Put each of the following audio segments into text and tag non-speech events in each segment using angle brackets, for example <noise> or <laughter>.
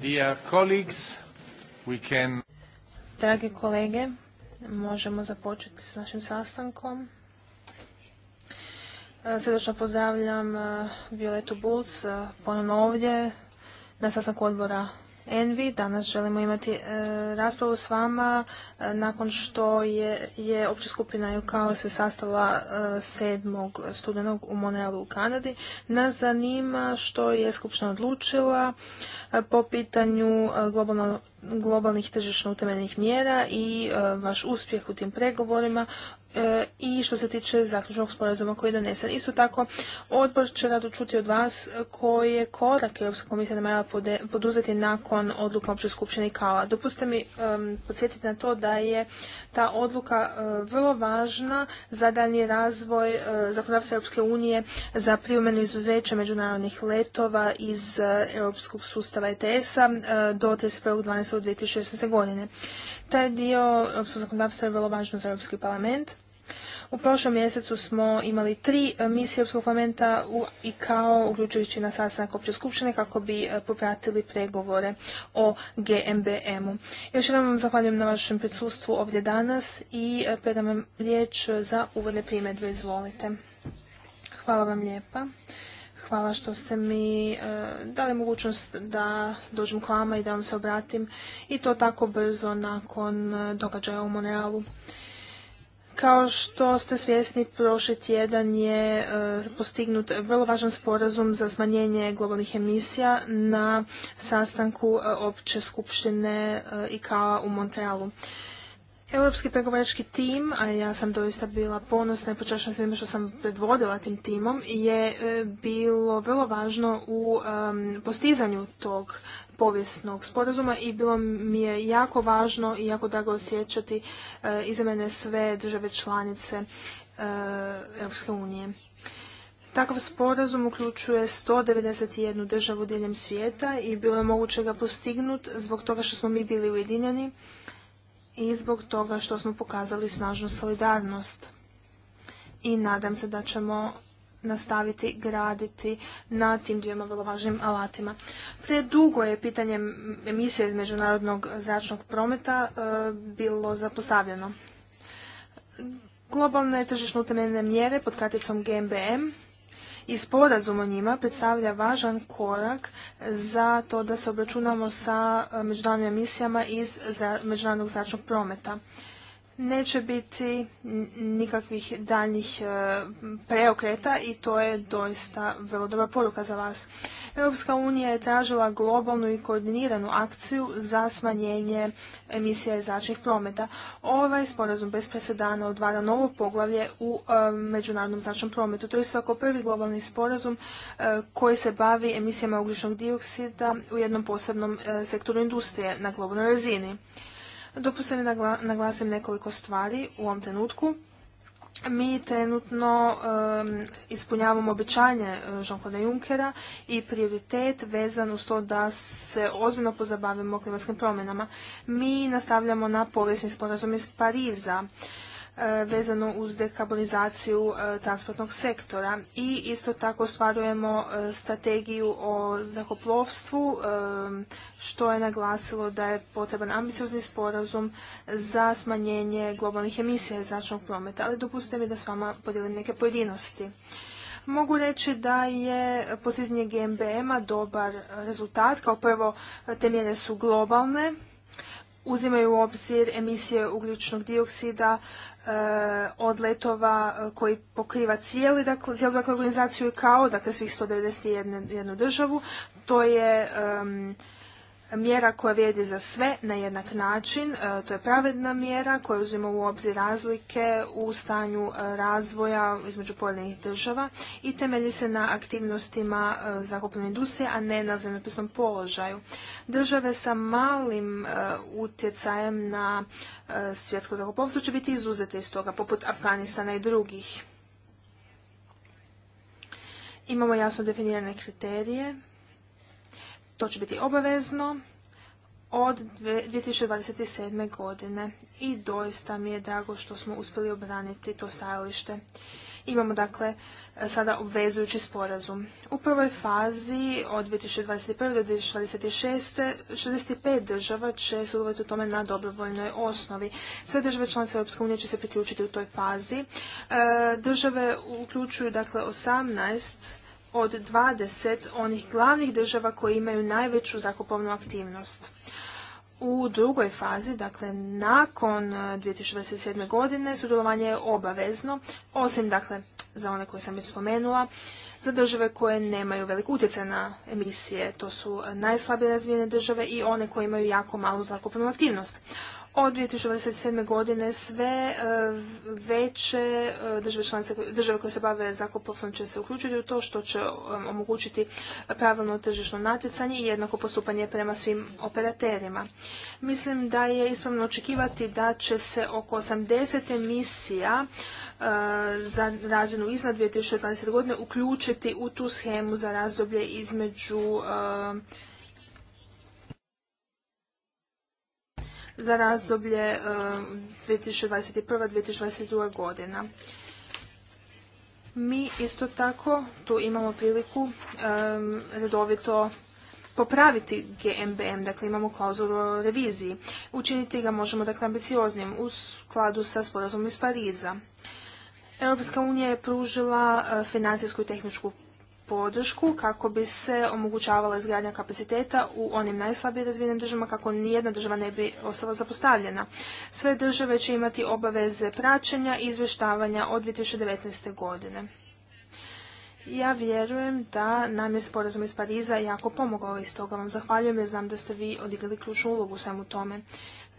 Dear Dragi kolege, možemo započeti s našim sastankom. E, Sredočno pozdravljam e, Violetu Bulc, e, ponovno ovdje na sastanku odbora Envi. Danas želimo imati e, raspravu s vama e, nakon što je, opća skupina kao se sastala 7. E, studenog u Montrealu u Kanadi. Nas zanima što je skupština odlučila po pitanju globalnih tržišno utemeljenih mjera i vaš uspjeh u tim pregovorima E, i što se tiče zaključnog sporazuma koji je donesen. Isto tako, odbor će rado čuti od vas koje korake Europska komisija namjera poduzeti nakon odluka opće skupštine kao. Dopustite mi podsjetiti na to da je ta odluka e, vrlo važna za daljnji razvoj zakonavstva e, zakonodavstva Europske unije za primjenu izuzeća međunarodnih letova iz europskog sustava ETS-a do 31.12.2016. godine. Taj dio opstvo zakonodavstva je vrlo važno za Europski parlament. U prošlom mjesecu smo imali tri e, misije Europskog parlamenta u, i kao uključujući na sastanak opće skupštine kako bi e, popratili pregovore o GMBM-u. Još jednom vam zahvaljujem na vašem prisustvu ovdje danas i e, predam vam riječ za uvodne primjedbe. Izvolite. Hvala vam lijepa. Hvala što ste mi e, dali mogućnost da dođem k vama i da vam se obratim i to tako brzo nakon e, događaja u Monrealu. Kao što ste svjesni, prošli tjedan je e, postignut vrlo važan sporazum za smanjenje globalnih emisija na sastanku opće skupštine i u Montrealu. Europski pregovarački tim, a ja sam doista bila ponosna i počašna s što sam predvodila tim timom, je e, bilo vrlo važno u postizanju tog povijesnog sporazuma i bilo mi je jako važno i jako drago osjećati e, iza mene sve države članice e, Europske unije. Takav sporazum uključuje 191 državu diljem svijeta i bilo je moguće ga postignut zbog toga što smo mi bili ujedinjeni i zbog toga što smo pokazali snažnu solidarnost. I nadam se da ćemo nastaviti graditi na tim dvijema vrlo važnim alatima. Predugo je pitanje emisije iz međunarodnog zračnog prometa e, bilo zapostavljeno. Globalne tržišno utemeljene mjere pod kraticom GMBM i sporazum o njima predstavlja važan korak za to da se obračunamo sa e, međunarodnim emisijama iz međunarodnog zračnog prometa neće biti nikakvih daljnjih e, preokreta i to je doista vrlo dobra poruka za vas. Europska unija je tražila globalnu i koordiniranu akciju za smanjenje emisija iz zračnih prometa. Ovaj sporazum bez presedana odvara novo poglavlje u e, međunarodnom zračnom prometu. To je svako prvi globalni sporazum e, koji se bavi emisijama ugljičnog dioksida u jednom posebnom sektoru industrije na globalnoj razini. Dopustite mi da naglasim nekoliko stvari u ovom trenutku. Mi trenutno ispunjavamo obećanje e, Jean-Claude Junckera i prioritet vezan uz to da se ozbiljno pozabavimo klimatskim promjenama. Mi nastavljamo na povijesni sporazum iz Pariza. E, vezano uz dekarbonizaciju e, transportnog sektora i isto tako ostvarujemo e, strategiju o zrakoplovstvu što je naglasilo da je potreban ambiciozni sporazum za smanjenje globalnih emisija zračnog prometa, ali dopustite mi da s vama podijelim neke pojedinosti. Mogu reći da je postizanje GMBM-a dobar rezultat. Kao prvo, te mjere su globalne, uzimaju u obzir emisije ugljičnog dioksida, Eh, od letova eh, koji pokriva cijeli, dakle, cijelu dakle, organizaciju kao dakle, svih 191 jednu državu. To je mjera koja vrijedi za sve na jednak način. E, to je pravedna mjera koja uzima u obzir razlike u stanju e, razvoja između pojedinih država i temelji se na aktivnostima e, zakupne industrije, a ne na zemljopisnom položaju. Države sa malim utjecajem na svjetsko zakupovstvo će biti izuzete iz toga, poput Afganistana i drugih. Imamo jasno definirane kriterije to će biti obavezno od 2027. godine i doista mi je drago što smo uspjeli obraniti to stajalište. Imamo dakle sada obvezujući sporazum. U prvoj fazi od 2021. do 2026. 65 država će sudjelovati u tome na dobrovoljnoj osnovi. Sve države članice Europske unije će se priključiti u toj fazi. E, države uključuju dakle 18 od 20 onih glavnih država koje imaju najveću zakupovnu aktivnost. U drugoj fazi, dakle nakon 2027. E, godine, sudjelovanje je obavezno, osim dakle za one koje sam već spomenula, za države koje nemaju velik utjecaj na emisije. To su e, najslabije razvijene države i one koje imaju jako malu zakupnu aktivnost. Od 2027. godine sve e, veće e, države, članice, države koje se bave zakupovstvom će se uključiti u to što će omogućiti pravilno tržišno natjecanje i jednako postupanje prema svim operaterima. Mislim da je ispravno očekivati da će se oko 80 emisija e, za razinu iznad 2020. godine uključiti u tu schemu za razdoblje između za razdoblje 2021-2022 eh, godina. Mi isto tako tu imamo priliku eh, redovito popraviti GMBM, dakle imamo klauzulu o reviziji. Učiniti ga možemo dakle ambicioznim u skladu sa sporazumom iz Pariza. Europska unija je pružila eh, financijsku i tehničku podršku kako bi se omogućavala izgradnja kapaciteta u onim najslabije razvijenim državama kako nijedna država ne bi ostala zapostavljena. Sve države će imati obaveze praćenja i izvještavanja od 2019. godine. Ja vjerujem da nam je sporazum iz Pariza jako pomogao i stoga vam zahvaljujem jer znam da ste vi odigrali ključnu ulogu u svemu tome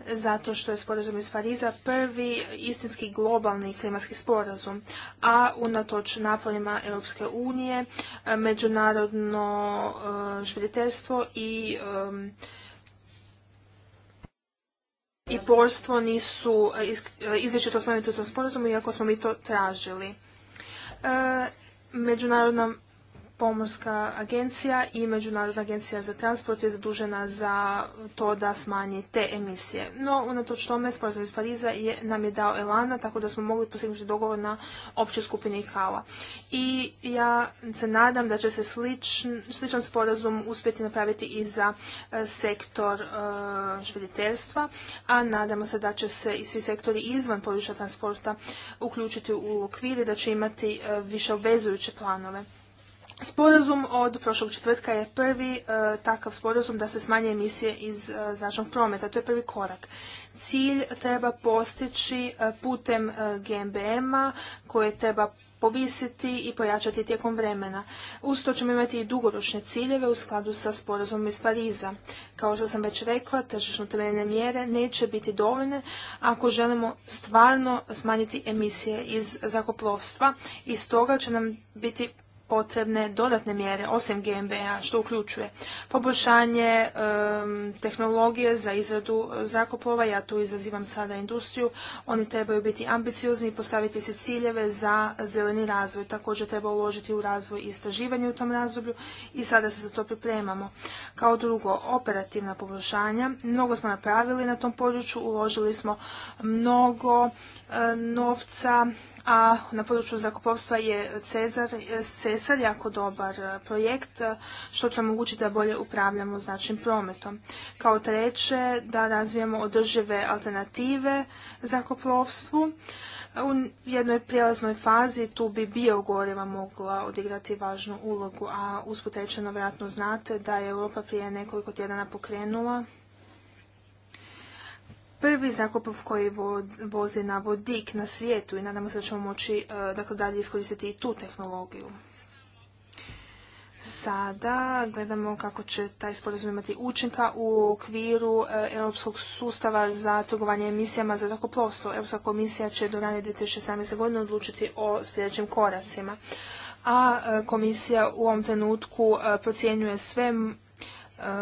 zato što je sporazum iz Pariza prvi istinski globalni klimatski sporazum, a unatoč naporima Europske unije, međunarodno e, špiriteljstvo i e, i porstvo nisu izričito spomenuti u tom sporazumu, iako smo mi to tražili. E, pomorska agencija i Međunarodna agencija za transport je zadužena za to da smanji te emisije. No, unatoč tome, sporazum iz Pariza je, nam je dao elana, tako da smo mogli postignuti dogovor na općoj skupini i kava. I ja se nadam da će se sličan sporazum uspjeti napraviti i za e, sektor e, a nadamo se da će se i svi sektori izvan područja transporta uključiti u i da će imati e, više obvezujuće planove. Sporazum od prošlog četvrtka je prvi e, takav sporazum da se smanje emisije iz e, zračnog prometa. To je prvi korak. Cilj treba postići e, putem e, GMBM-a koje treba povisiti i pojačati tijekom vremena. Uz to ćemo imati i dugoročne ciljeve u skladu sa sporazumom iz Pariza. Kao što sam već rekla, tržišno temeljene mjere neće biti dovoljne ako želimo stvarno smanjiti emisije iz zakoplovstva i stoga će nam biti potrebne dodatne mjere osim GMBA, što uključuje poboljšanje tehnologije za izradu zrakoplova, ja tu izazivam sada industriju, oni trebaju biti ambiciozni i postaviti se ciljeve za zeleni razvoj. Također treba uložiti u razvoj i istraživanje u tom razdoblju i sada se za to pripremamo. Kao drugo, operativna poboljšanja. Mnogo smo napravili na tom području, uložili smo mnogo e, novca a na području zrakoplovstva je Cezar, Cesar jako dobar e, projekt e, što će omogućiti da bolje upravljamo značnim prometom. Kao treće, da razvijamo održive alternative zrakoplovstvu. U jednoj prijelaznoj fazi tu bi bio biogoriva mogla odigrati važnu ulogu, a usput vjerojatno znate da je Europa prije nekoliko tjedana pokrenula prvi zrakoplov koji vozi na vodik na svijetu i nadamo se da ćemo moći e, dakle, dalje iskoristiti i tu tehnologiju. Sada gledamo kako će taj sporazum imati učinka u okviru e, Europskog sustava za trgovanje emisijama za zrakoplovstvo. Europska komisija će do rane 2017. godine odlučiti o sljedećim koracima. A e, komisija u ovom trenutku procjenjuje sve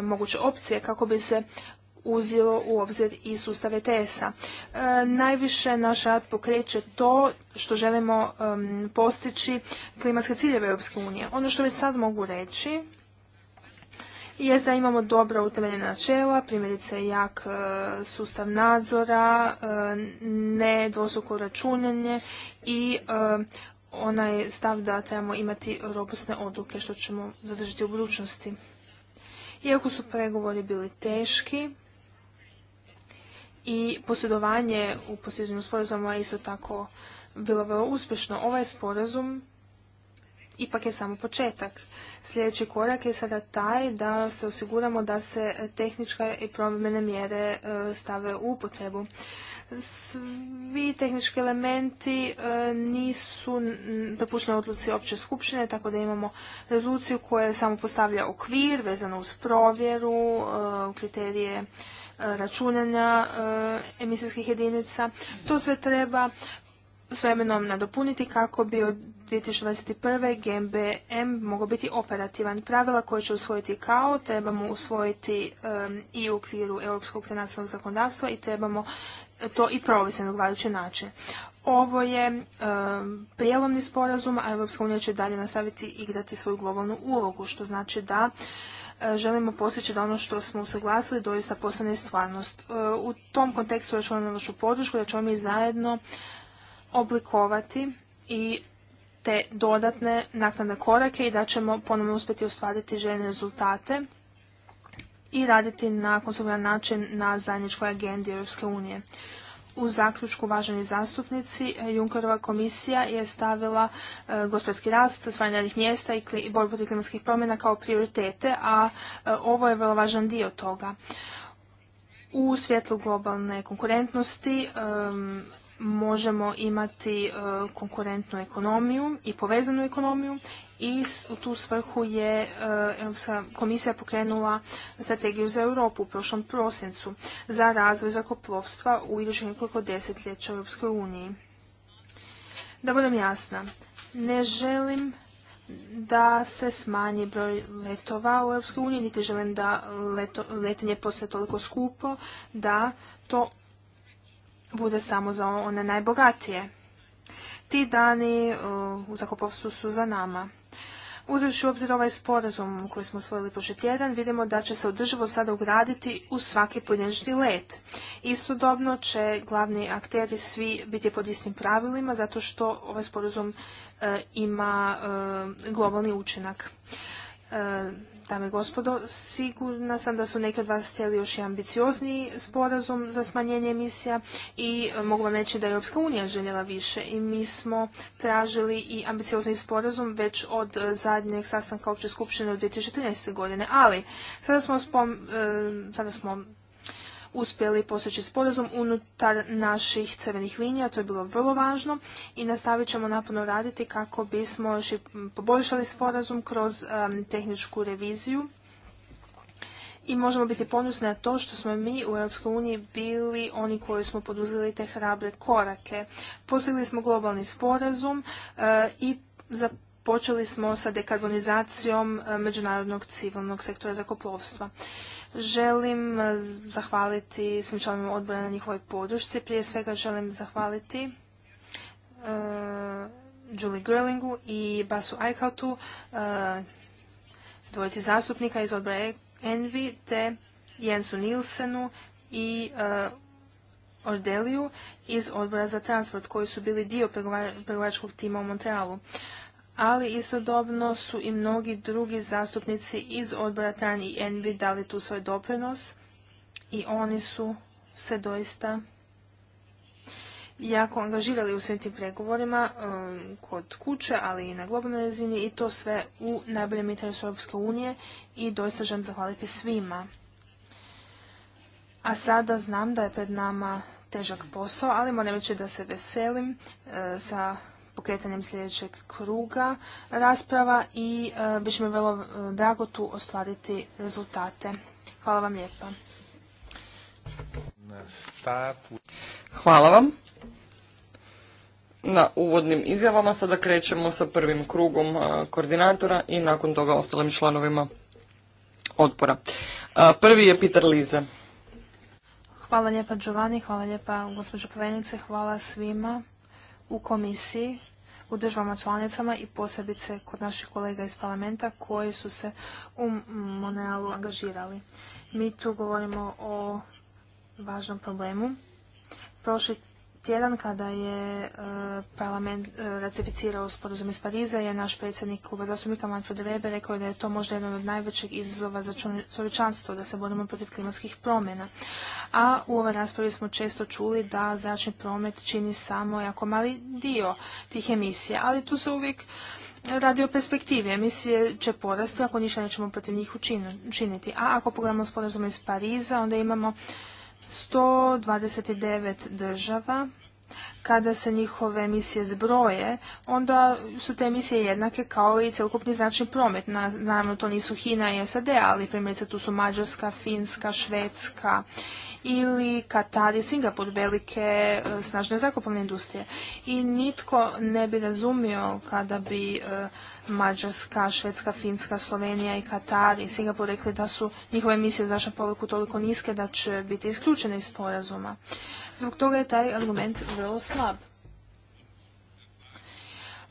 moguće opcije kako bi se uzelo u obzir i sustav ETS-a. najviše naš rad pokreće to što želimo postići klimatske ciljeve Europske unije. Ono što već sad mogu reći je da imamo dobro utemeljena načela, primjerice jak e, sustav nadzora, e, ne dvosoko računanje i e, onaj stav da trebamo imati robustne odluke što ćemo zadržati u budućnosti. Iako su pregovori bili teški, i posjedovanje u posljednjem sporazuma je isto tako bilo vrlo uspješno. Ovaj sporazum ipak je samo početak. Sljedeći korak je sada taj da se osiguramo da se tehnička i promjene mjere e, stave u upotrebu. Svi tehnički elementi e, nisu prepušteni odluci opće skupštine, tako da imamo rezoluciju koja samo postavlja okvir vezano uz provjeru, e, kriterije računanja eh, emisijskih jedinica. To sve treba s vremenom nadopuniti kako bi od 2021. GMBM mogao biti operativan. Pravila koje će usvojiti kao trebamo usvojiti eh, i u okviru europskog nacionalnog zakonodavstva i trebamo to i provesti na odgovarajući način. Ovo je e, prijelomni sporazum, a Europska unija će dalje nastaviti igrati svoju globalnu ulogu, što znači da e, želimo postići da ono što smo usuglasili doista postane stvarnost. E, u tom kontekstu računamo na našu podršku, da ćemo mi zajedno oblikovati i te dodatne naknadne korake i da ćemo ponovno uspjeti ostvariti željene rezultate i raditi na konsumiran način na zajedničkoj agendi Europske unije u zaključku uvaženi zastupnici, e, Junkerova komisija je stavila gospodski e, gospodarski rast, stvaranje mjesta i, borbu protiv klimatskih promjena kao prioritete, a e, ovo je vrlo važan dio toga. U svjetlu globalne konkurentnosti možemo imati konkurentnu ekonomiju i povezanu ekonomiju i u tu svrhu je e, Europska komisija pokrenula strategiju za Europu u prošlom prosincu za razvoj zakoplovstva u idućih nekoliko desetljeća u Europskoj uniji. Da budem jasna, ne želim da se smanji broj letova u Europskoj uniji, niti želim da leto, letenje postaje toliko skupo da to bude samo za one najbogatije. Ti dani e, u zakopovstvu su za nama. Uzevši u obzir ovaj sporazum koji smo usvojili prošli tjedan, vidimo da će se održivo sada ugraditi u svaki pojedinačni let. Istodobno će glavni akteri svi biti pod istim pravilima zato što ovaj sporazum e, ima e, globalni učinak. E, Dame i gospodo, sigurna sam da su neki od vas htjeli još i ambiciozniji sporazum za smanjenje emisija i e, mogu vam reći da je Europska unija željela više i mi smo tražili i ambiciozni sporazum već od e, zadnjeg sastanka opće skupštine u 2013. godine, ali sada smo e, uspjeli postići sporazum unutar naših crvenih linija, to je bilo vrlo važno i nastavit ćemo napuno raditi kako bismo još poboljšali sporazum kroz tehničku reviziju i možemo biti ponosni na to što smo mi u Europskoj uniji bili oni koji smo poduzeli te hrabre korake. Postigli smo globalni sporazum eh, i počeli smo sa dekarbonizacijom eh, međunarodnog civilnog sektora zakoplovstva. Želim eh, zahvaliti svim članovima odbora na njihovoj podršci. Prije svega želim zahvaliti uh, Julie Gerlingu i Basu Eichautu, uh, dvojici zastupnika iz odbora Envi, te Jensu Nilsenu i Ordeliju iz odbora za transport koji su bili dio pregovaračkog tima u Montrealu ali istodobno su i mnogi drugi zastupnici iz odbora Tran i Envi dali tu svoj doprinos i oni su se doista jako angažirali u svim tim pregovorima um, kod kuće, ali i na globalnoj razini i to sve u najboljem interesu Europske unije i doista želim zahvaliti svima. A sada znam da je pred nama težak posao, ali moram reći da se veselim uh, sa pokretanjem sljedećeg kruga rasprava i e, bit će mi vrlo e, drago tu ostvariti rezultate. Hvala vam lijepa. Hvala vam. Na uvodnim izjavama sada krećemo sa prvim krugom e, koordinatora i nakon toga ostalim članovima odpora. Prvi je Peter Lize. Hvala lijepa Giovanni, hvala lijepa gospođo povenice, hvala svima u komisiji u državama članicama i posebice kod naših kolega iz parlamenta koji su se u Monealu angažirali. Mi tu govorimo o važnom problemu. Prošli tjedan kada je e, parlament e, ratificirao sporazum iz Pariza je naš predsjednik kluba zastupnika Manfred Weber rekao da je to možda jedan od najvećih izazova za čovječanstvo, da se borimo protiv klimatskih promjena. A u ovoj raspravi smo često čuli da zračni promet čini samo jako mali dio tih emisija, ali tu se uvijek radi o perspektivi. Emisije će porasti ako ništa nećemo protiv njih učiniti. A ako pogledamo sporazum iz Pariza, onda imamo 129 država, kada se njihove emisije zbroje, onda su te emisije jednake kao i celokupni značni promet. naravno, to nisu Hina i SAD, ali primjerice tu su Mađarska, Finska, Švedska, ili Katar i Singapur, velike e, snažne zakupovne industrije. I nitko ne bi razumio kada bi e, Mađarska, Švedska, Finska, Slovenija i Katar i Singapur rekli da su njihove emisije u zračnom poliku toliko niske da će biti isključene iz sporazuma. Zbog toga je taj argument vrlo slab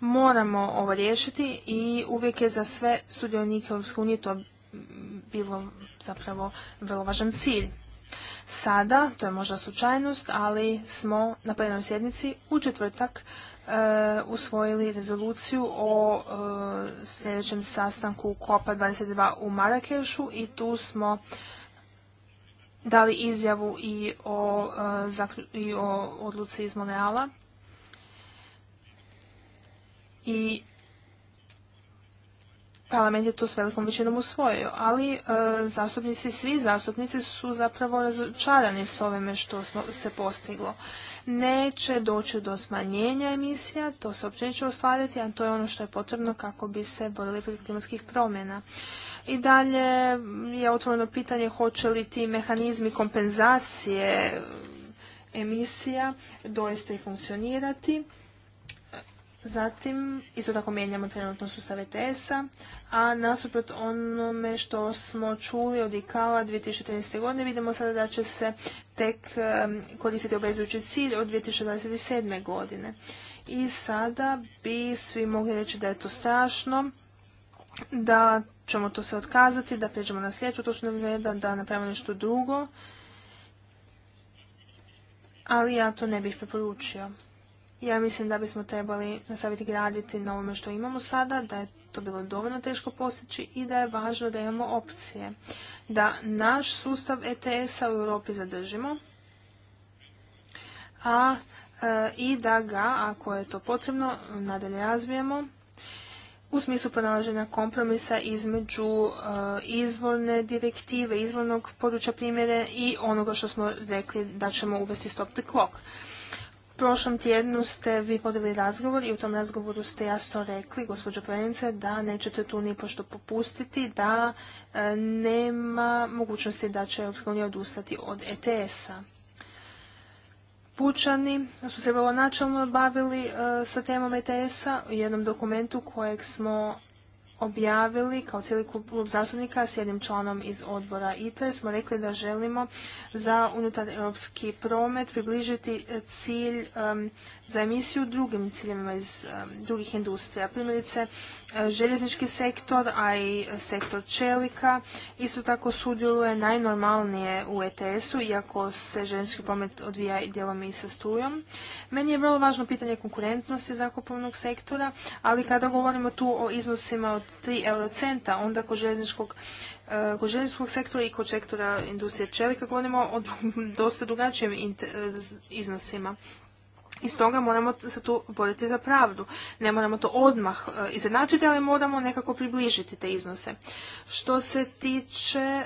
moramo ovo riješiti i uvijek je za sve sudionike Europske unije to bilo zapravo vrlo važan cilj sada, to je možda slučajnost, ali smo na plenarnoj sjednici u četvrtak e, usvojili rezoluciju o e, sljedećem sastanku COPA 22 u Marakešu i tu smo dali izjavu i e, i o odluci iz Moneala i Parlament je to s velikom većinom usvojio, ali e, zastupnici, svi zastupnici su zapravo razočarani s ovime što se postiglo. Neće doći do smanjenja emisija, to se uopće neće ostvariti, a to je ono što je potrebno kako bi se borili protiv klimatskih promjena. I dalje je otvoreno pitanje hoće li ti mehanizmi kompenzacije emisija doista i funkcionirati Zatim, isto tako mijenjamo trenutno sustav ts a a nasuprot onome što smo čuli od ICAO-a 2013. godine, vidimo sada da će se tek koristiti obvezujući cilj od 2027. godine. I sada bi svi mogli reći da je to strašno, da ćemo to sve otkazati, da pređemo na sljedeću točnu vreda, da napravimo nešto drugo, ali ja to ne bih preporučio. Ja mislim da bismo trebali nastaviti graditi na ovome što imamo sada, da je to bilo dovoljno teško postići i da je važno da imamo opcije. Da naš sustav ETS-a u Europi zadržimo, a e, i da ga, ako je to potrebno, nadalje razvijemo u smislu pronalaženja kompromisa između e, izvorne direktive, izvornog područja primjere i onoga što smo rekli da ćemo uvesti stop the clock prošlom tjednu ste vi vodili razgovor i u tom razgovoru ste jasno rekli, gospođo Pojenice, da nećete tu nipošto popustiti, da e, nema mogućnosti da će Europska odustati od ETS-a. Pučani su se vrlo načelno bavili e, sa temom ETS-a u jednom dokumentu kojeg smo objavili kao cijeli klub zastupnika s jednim članom iz odbora ITRE smo rekli da želimo za unutar europski promet približiti e, cilj za emisiju drugim ciljevima iz drugih industrija. Primjerice, e, željeznički sektor, a i sektor čelika isto tako sudjeluje najnormalnije u ETS-u, iako se željeznički promet odvija i dijelom i sa strujom. Meni je vrlo važno pitanje konkurentnosti zakupovnog sektora, ali kada govorimo tu o iznosima od tri eurocenta, onda kod željezničkog e, željezničkog sektora i kod sektora industrije čelika govorimo o <laughs> dosta drugačijim e, iznosima. I stoga moramo se tu boriti za pravdu. Ne moramo to odmah e, izjednačiti, ali moramo nekako približiti te iznose. Što se tiče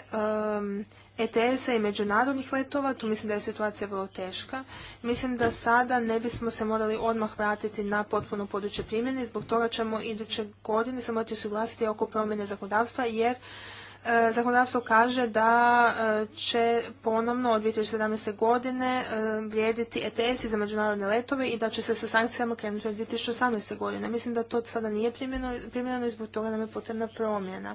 ETS-a i međunarodnih letova, tu mislim da je situacija vrlo teška. Mislim da sada ne bismo se morali odmah vratiti na potpuno područje primjene, zbog toga ćemo iduće godine se morati usuglasiti oko promjene zakonodavstva, jer e, zakonodavstvo kaže da e, će ponovno od 2017. godine e, vrijediti ETS-i za međunarodne letove i da će se sa sankcijama krenuti od 2018. godine. Mislim da to sada nije primjeno, primjeno i zbog toga nam je potrebna promjena.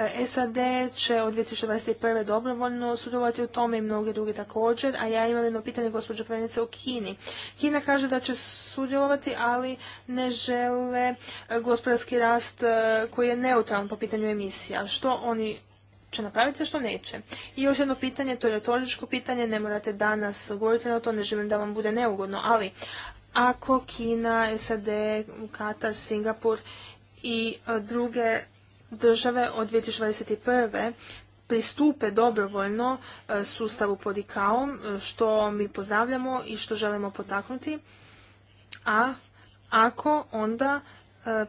E, SAD će od 2021. dobrovoljno sudjelovati u tome i mnogi drugi također, a ja imam jedno pitanje gospođo prenice u Kini. Kina kaže da će sudjelovati, ali ne žele e, gospodarski rast e, koji je neutralan po pitanju emisija. Što oni će napraviti, a što neće. I još jedno pitanje, to je retoričko pitanje, ne morate danas govoriti na to, ne želim da vam bude neugodno, ali ako Kina, SAD, Katar, Singapur i druge države od 2021 pristupe dobrovoljno e, sustavu pod ICAO-om, e, što mi pozdravljamo i što želimo potaknuti, a ako onda e,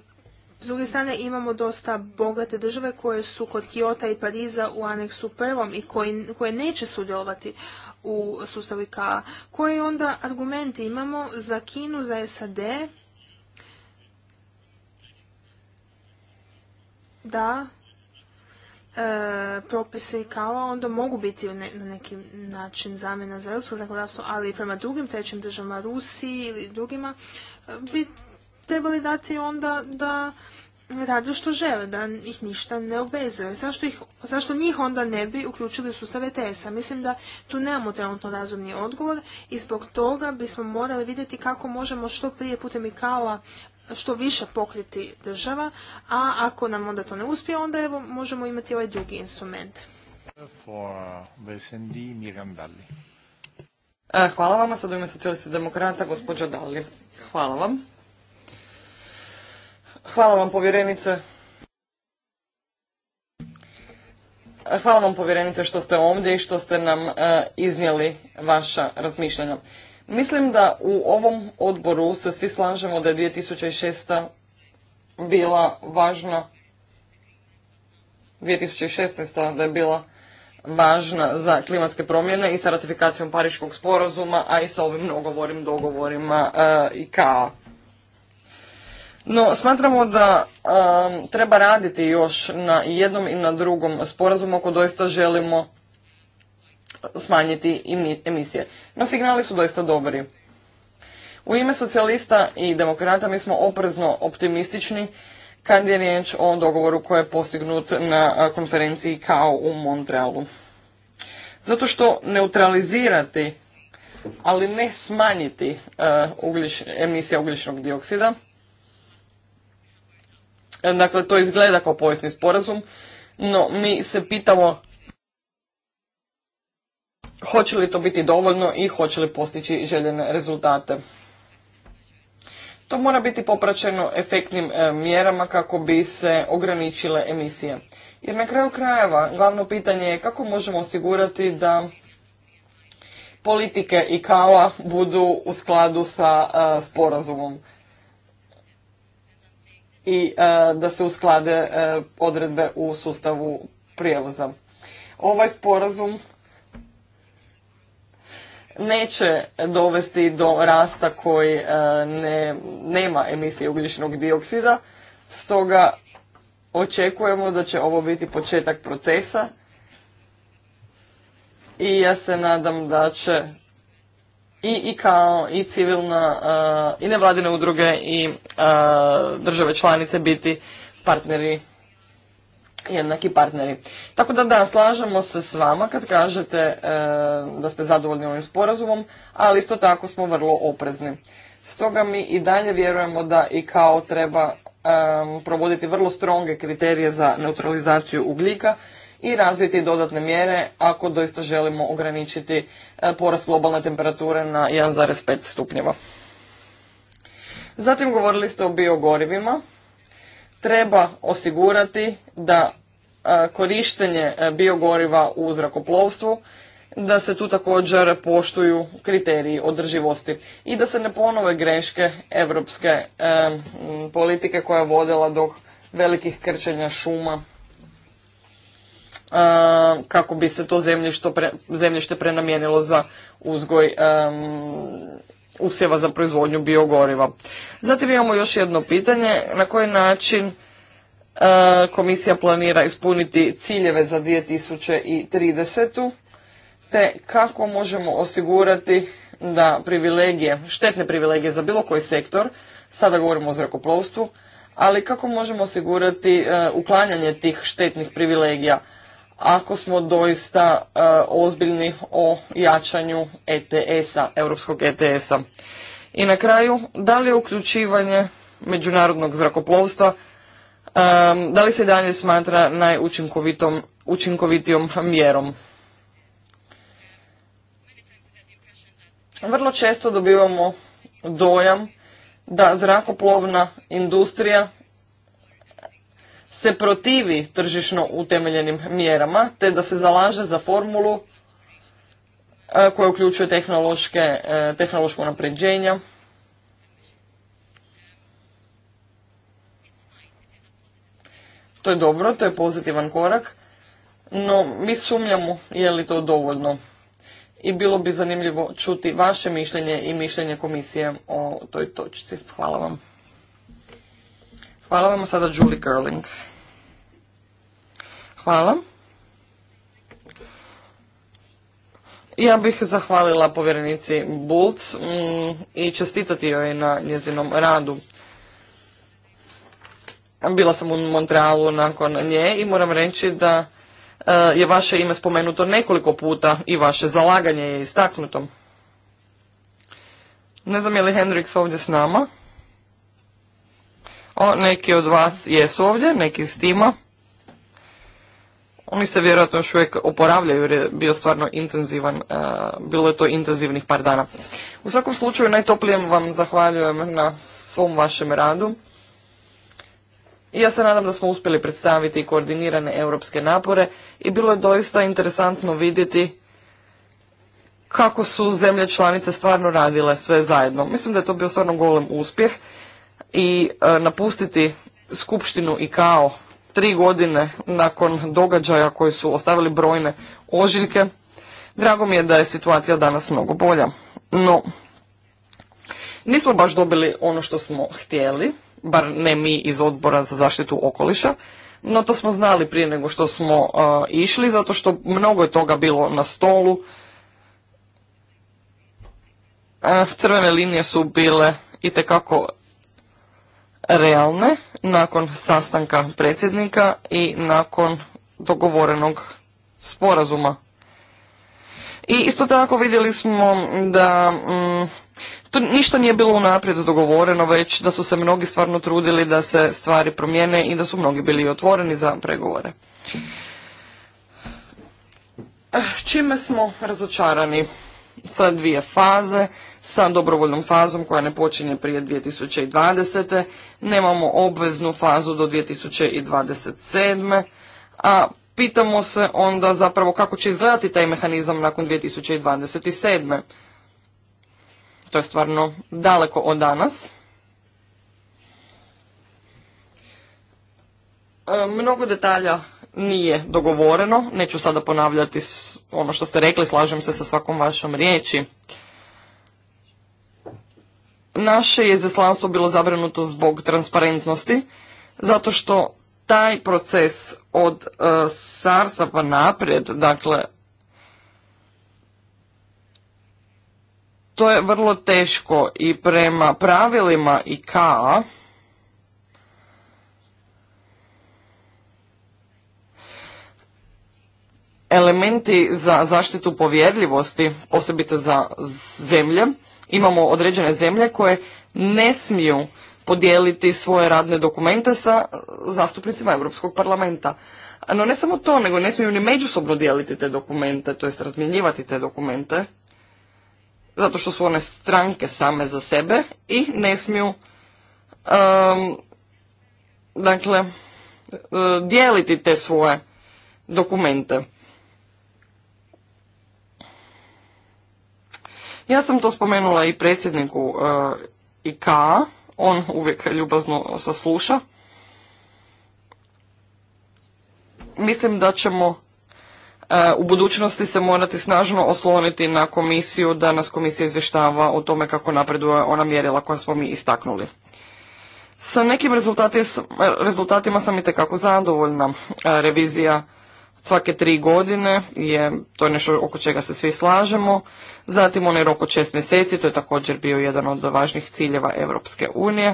s druge strane imamo dosta bogate države koje su kod Kiota i Pariza u aneksu prvom i koje neće sudjelovati u sustavu ICAO. koji onda argumenti imamo za Kinu, za SAD, da e, propisi kao onda mogu biti na neki način zamjena za europsko zakonodavstvo, ali i prema drugim trećim državama, Rusiji ili drugima, e, bi trebali dati onda da rade što žele, da ih ništa ne obezuje. Zašto, ih, zašto njih onda ne bi uključili u sustav ETSA? Mislim da tu nemamo trenutno razumni odgovor i zbog toga bismo morali vidjeti kako možemo što prije putem i kao što više pokriti država, a ako nam onda to ne uspije, onda evo možemo imati ovaj drugi instrument. E, hvala vam, sad u ime socijalista demokrata, gospođa Dali. Hvala vam. Hvala vam, povjerenice. Hvala vam povjerenice što ste ovdje i što ste nam e, iznijeli vaša razmišljanja. Mislim da u ovom odboru se svi slažemo da je 2006. bila važna, 2016. da je bila važna za klimatske promjene i sa ratifikacijom Pariškog sporazuma, a i sa ovim mnogovorim dogovorima e, i kao. No, smatramo da e, treba raditi još na jednom i na drugom sporazumu ako doista želimo smanjiti emisije. No signali su doista dobri. U ime socijalista i demokrata mi smo oprezno optimistični kad je riječ o dogovoru koji je postignut na konferenciji kao u Montrealu. Zato što neutralizirati, ali ne smanjiti emisija ugljičnog dioksida, e, dakle to izgleda kao povijesni sporazum, no mi se pitamo hoće li to biti dovoljno i hoće li postići željene rezultate. To mora biti popraćeno efektnim e, mjerama kako bi se ograničile emisije. Jer na kraju krajeva glavno pitanje je kako možemo osigurati da politike i kala budu u skladu sa e, sporazumom i e, da se usklade odredbe u sustavu prijevoza. Ovaj sporazum neće dovesti do rasta koji e, ne, nema emisije ugljičnog dioksida, stoga očekujemo da će ovo biti početak procesa i ja se nadam da će i, i kao i civilna e, i nevladine udruge i e, države članice biti partneri jednaki partneri. Tako da da, slažemo se s vama kad kažete e, da ste zadovoljni ovim sporazumom, ali isto tako smo vrlo oprezni. Stoga mi i dalje vjerujemo da i kao treba e, provoditi vrlo stronge kriterije za neutralizaciju ugljika i razviti dodatne mjere ako doista želimo ograničiti e, porast globalne temperature na 1,5 stupnjeva. Zatim govorili ste o biogorivima treba osigurati da e, korištenje e, biogoriva u zrakoplovstvu da se tu također poštuju kriteriji održivosti i da se ne ponove greške europske e, politike koja je vodila do velikih krčenja šuma kako bi se to zemljište, prenamijenilo za uzgoj usjeva za proizvodnju biogoriva. Zatim imamo još jedno pitanje, na koji način e, komisija planira ispuniti ciljeve za 2030. te kako možemo osigurati da privilegije, štetne privilegije za bilo koji sektor, sada govorimo o zrakoplovstvu, ali kako možemo osigurati e, uklanjanje tih štetnih privilegija ako smo doista e, ozbiljni o jačanju ETS-a, europskog ETS-a. I na kraju, da li je uključivanje međunarodnog zrakoplovstva, e, da li se dalje smatra najučinkovitijom mjerom? Vrlo često dobivamo dojam da zrakoplovna industrija se protivi tržišno utemeljenim mjerama, te da se zalaže za formulu e, koja uključuje tehnološke, e, tehnološko napređenja. To je dobro, to je pozitivan korak, no mi sumnjamo je li to dovoljno. I bilo bi zanimljivo čuti vaše mišljenje i mišljenje komisije o toj točci. Hvala vam. Hvala vam sada Julie Curling. Hvala. Ja bih zahvalila povjerenici Bulc mm, i čestitati joj na njezinom radu. Bila sam u Montrealu nakon nje i moram reći da e, je vaše ime spomenuto nekoliko puta i vaše zalaganje je istaknuto. Ne znam je li Hendrix ovdje s nama. O, neki od vas jesu ovdje, neki s tima. Oni se vjerojatno još uvijek oporavljaju jer je bio stvarno intenzivan, e, bilo je to intenzivnih par dana. U svakom slučaju najtoplijem vam zahvaljujem na svom vašem radu. I ja se nadam da smo uspjeli predstaviti koordinirane europske napore i bilo je doista interesantno vidjeti kako su zemlje članice stvarno radile sve zajedno. Mislim da je to bio stvarno golem uspjeh i e, napustiti skupštinu i kao tri godine nakon događaja koji su ostavili brojne ožiljke. Drago mi je da je situacija danas mnogo bolja. No, nismo baš dobili ono što smo htjeli, bar ne mi iz odbora za zaštitu okoliša, no to smo znali prije nego što smo išli, zato što mnogo je toga bilo na stolu. Uh, crvene linije su bile itekako realne nakon sastanka predsjednika i nakon dogovorenog sporazuma. I isto tako vidjeli smo da mm, to ništa nije bilo unaprijed dogovoreno, već da su se mnogi stvarno trudili da se stvari promijene i da su mnogi bili otvoreni za pregovore. Eh, čime smo razočarani sa dvije faze? sa dobrovoljnom fazom koja ne počinje prije 2020. Nemamo obveznu fazu do 2027. A pitamo se onda zapravo kako će izgledati taj mehanizam nakon 2027. To je stvarno daleko od danas. E, mnogo detalja nije dogovoreno, neću sada ponavljati ono što ste rekli, slažem se sa svakom vašom riječi. Naše je zaslanstvo bilo zabrinuto zbog transparentnosti, zato što taj proces od uh, pa naprijed, dakle, to je vrlo teško i prema pravilima i ka elementi za zaštitu povjerljivosti, posebice za zemlje, Imamo određene zemlje koje ne smiju podijeliti svoje radne dokumente sa zastupnicima Europskog parlamenta. No ne samo to, nego ne smiju ni međusobno dijeliti te dokumente, to jest razmjenjivati te dokumente, zato što su one stranke same za sebe i ne smiju um, dakle, e, dijeliti te svoje dokumente. Ja sam to spomenula i predsjedniku e, IKA, on uvijek ljubazno sasluša. Mislim da ćemo e, u budućnosti se morati snažno osloniti na komisiju da nas komisija izvještava o tome kako napreduje ona mjerila koja smo mi istaknuli. Sa nekim e, rezultatima sam i tekako zadovoljna. Revizija svake tri godine je to je nešto oko čega se svi slažemo. Zatim onaj rok od šest mjeseci, to je također bio jedan od važnih ciljeva Europske unije.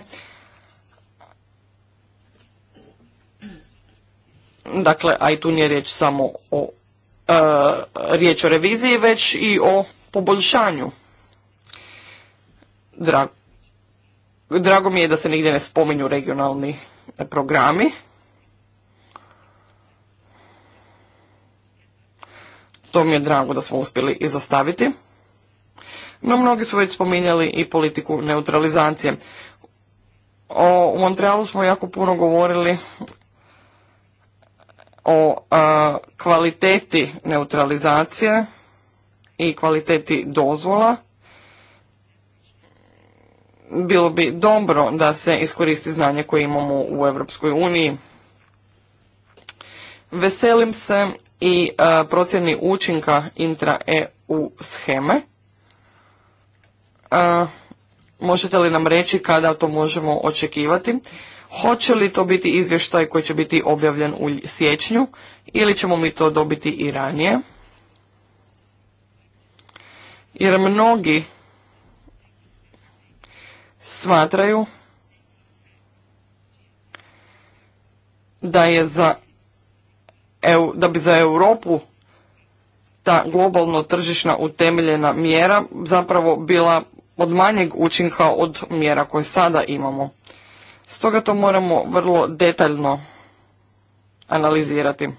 Dakle, a i tu nije riječ samo o e, riječ o reviziji, već i o poboljšanju. Drago, drago mi je da se nigdje ne spominju regionalni programi to mi je drago da smo uspjeli izostaviti. No, mnogi su već spominjali i politiku neutralizacije. O, u Montrealu smo jako puno govorili o kvaliteti neutralizacije i kvaliteti dozvola. Bilo bi dobro da se iskoristi znanje koje imamo u Europskoj uniji. Veselim se i e, procjeni učinka intra-EU scheme. E, možete li nam reći kada to možemo očekivati? Hoće li to biti izvještaj koji će biti objavljen u siječnju ili ćemo mi to dobiti i ranije? Jer mnogi smatraju da je za da bi za Europu ta globalno tržišna utemeljena mjera zapravo bila od manjeg učinka od mjera koje sada imamo. Stoga to moramo vrlo detaljno analizirati.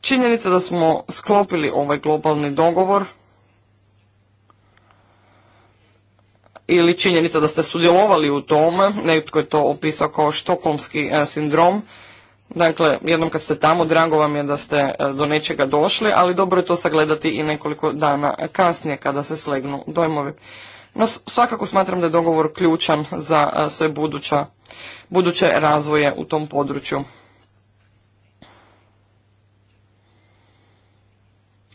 Činjenica da smo sklopili ovaj globalni dogovor ili činjenica da ste sudjelovali u tome, netko je to opisao kao štokholmski e, sindrom, Dakle, jednom kad ste tamo, drago vam je da ste e, do nečega došli, ali dobro je to sagledati i nekoliko dana kasnije kada se slegnu dojmovi. No, svakako smatram da je dogovor ključan za e, sve buduća, buduće razvoje u tom području.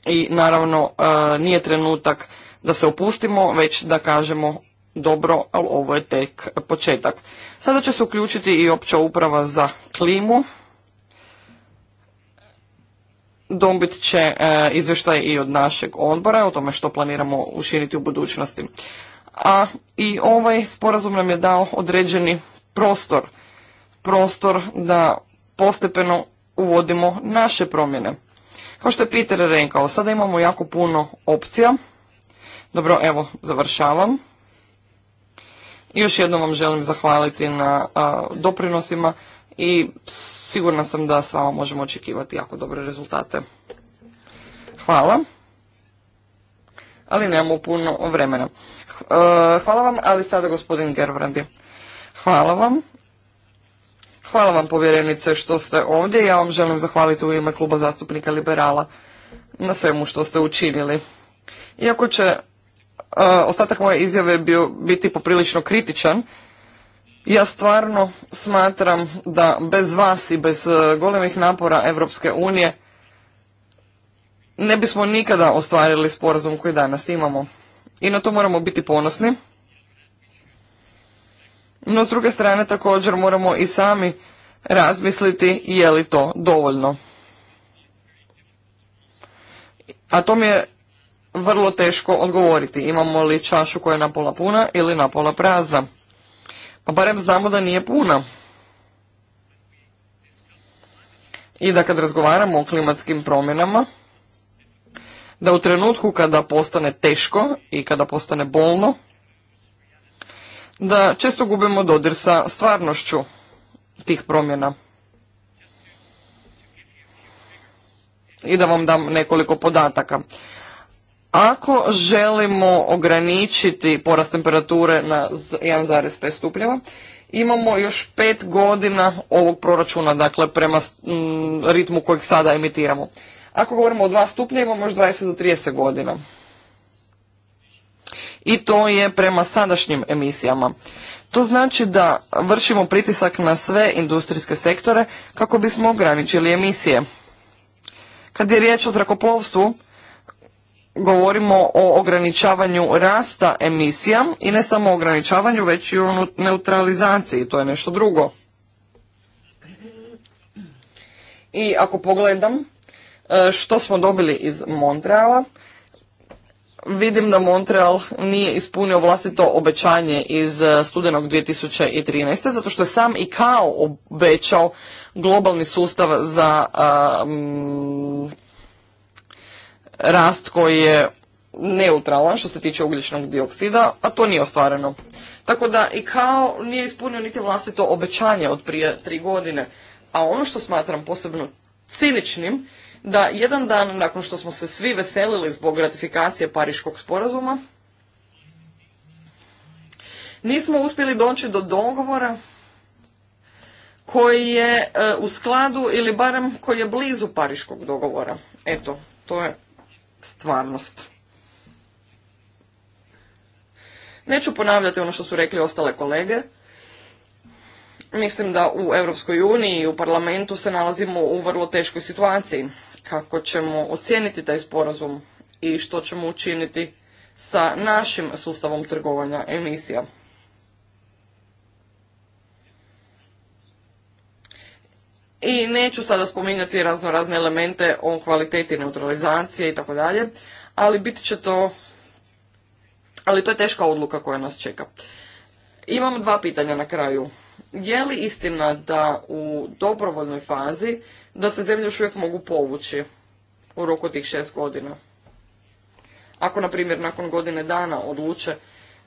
I naravno, e, nije trenutak da se opustimo, već da kažemo dobro, ali ovo je tek početak. Sada će se uključiti i opća uprava za klimu. Dobit će e, izvještaj i od našeg odbora o tome što planiramo učiniti u budućnosti. A i ovaj sporazum nam je dao određeni prostor. Prostor da postepeno uvodimo naše promjene. Kao što je Peter rekao, sada imamo jako puno opcija. Dobro, evo, završavam. I još jednom vam želim zahvaliti na doprinosima i sigurna sam da s vama možemo očekivati jako dobre rezultate. Hvala. Ali nemamo puno vremena. E, hvala vam, ali sada gospodin Gerbrandi. Hvala vam. Hvala vam povjerenice što ste ovdje. Ja vam želim zahvaliti u ime kluba zastupnika Liberala na svemu što ste učinili. Iako će e, ostatak moje izjave bio biti poprilično kritičan, ja stvarno smatram da bez vas i bez e, golemih napora Europske unije ne bismo nikada ostvarili sporazum koji danas imamo. I na to moramo biti ponosni. No s druge strane također moramo i sami razmisliti je li to dovoljno. A to mi je vrlo teško odgovoriti. Imamo li čašu koja je napola puna ili napola prazna. Pa barem znamo da nije puna. I da kad razgovaramo o klimatskim promjenama, da u trenutku kada postane teško i kada postane bolno, da često gubimo dodir sa stvarnošću tih promjena. I da vam dam nekoliko podataka. Ako želimo ograničiti porast temperature na 1,5 stupnjeva, imamo još pet godina ovog proračuna, dakle prema ritmu kojeg sada emitiramo. Ako govorimo o dva stupnja, imamo još 20 do 30 godina. I to je prema sadašnjim emisijama. To znači da vršimo pritisak na sve industrijske sektore kako bismo ograničili emisije. Kad je riječ o zrakoplovstvu, govorimo o ograničavanju rasta emisija i ne samo ograničavanju, već i o neutralizaciji, to je nešto drugo. I ako pogledam e, što smo dobili iz Montreala, vidim da Montreal nije ispunio vlastito obećanje iz e, studenog 2013. zato što je sam i kao obećao globalni sustav za rast koji je neutralan što se tiče ugljičnog dioksida, a to nije ostvareno. Tako da i kao nije ispunio niti vlastito obećanje od prije tri godine. A ono što smatram posebno ciničnim, da jedan dan nakon što smo se svi veselili zbog ratifikacije Pariškog sporazuma, nismo uspjeli doći do dogovora koji je e, u skladu ili barem koji je blizu Pariškog dogovora. Eto, to je stvarnost. Neću ponavljati ono što su rekli ostale kolege. Mislim da u Europskoj uniji i u parlamentu se nalazimo u vrlo teškoj situaciji. Kako ćemo ocijeniti taj sporazum i što ćemo učiniti sa našim sustavom trgovanja emisija. I neću sada spominjati razno razne elemente o kvaliteti neutralizacije i tako dalje, ali bit će to, ali to je teška odluka koja nas čeka. Imam dva pitanja na kraju. Je li istina da u dobrovoljnoj fazi da se zemlje još uvijek mogu povući u roku tih šest godina? Ako, na primjer, nakon godine dana odluče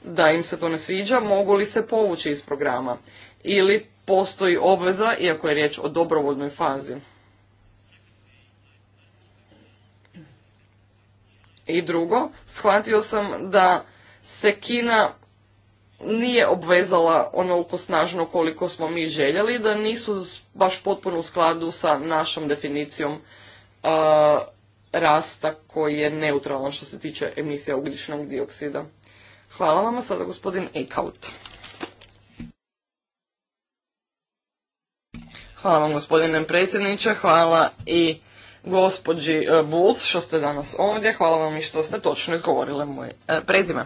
da im se to ne sviđa, mogu li se povući iz programa? Ili postoji obveza, iako je riječ o dobrovoljnoj fazi. I drugo, shvatio sam da se Kina nije obvezala onoliko snažno koliko smo mi željeli, da nisu baš potpuno u skladu sa našom definicijom rasta koji je neutralan što se tiče emisija ugljičnog dioksida. Hvala vam, sada gospodin Eichhout. Hvala vam gospodine predsjedniče, hvala i gospođi e, Bulls što ste danas ovdje, hvala vam i što ste točno izgovorile moje e, prezime.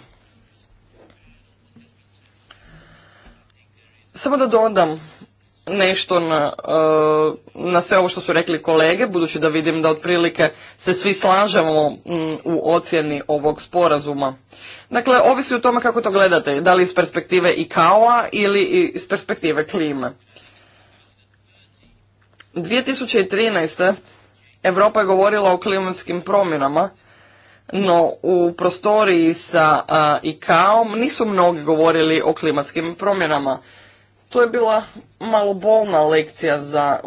Samo da dodam nešto na, e, na sve ovo što su rekli kolege, budući da vidim da otprilike se svi slažemo u ocjeni ovog sporazuma. Dakle, ovisi o tome kako to gledate, da li iz perspektive ICAO-a ili iz perspektive klime. 2013. Europa je govorila o klimatskim promjenama, no u prostoriji sa icao nisu mnogi govorili o klimatskim promjenama. To je bila malo bolna lekcija za,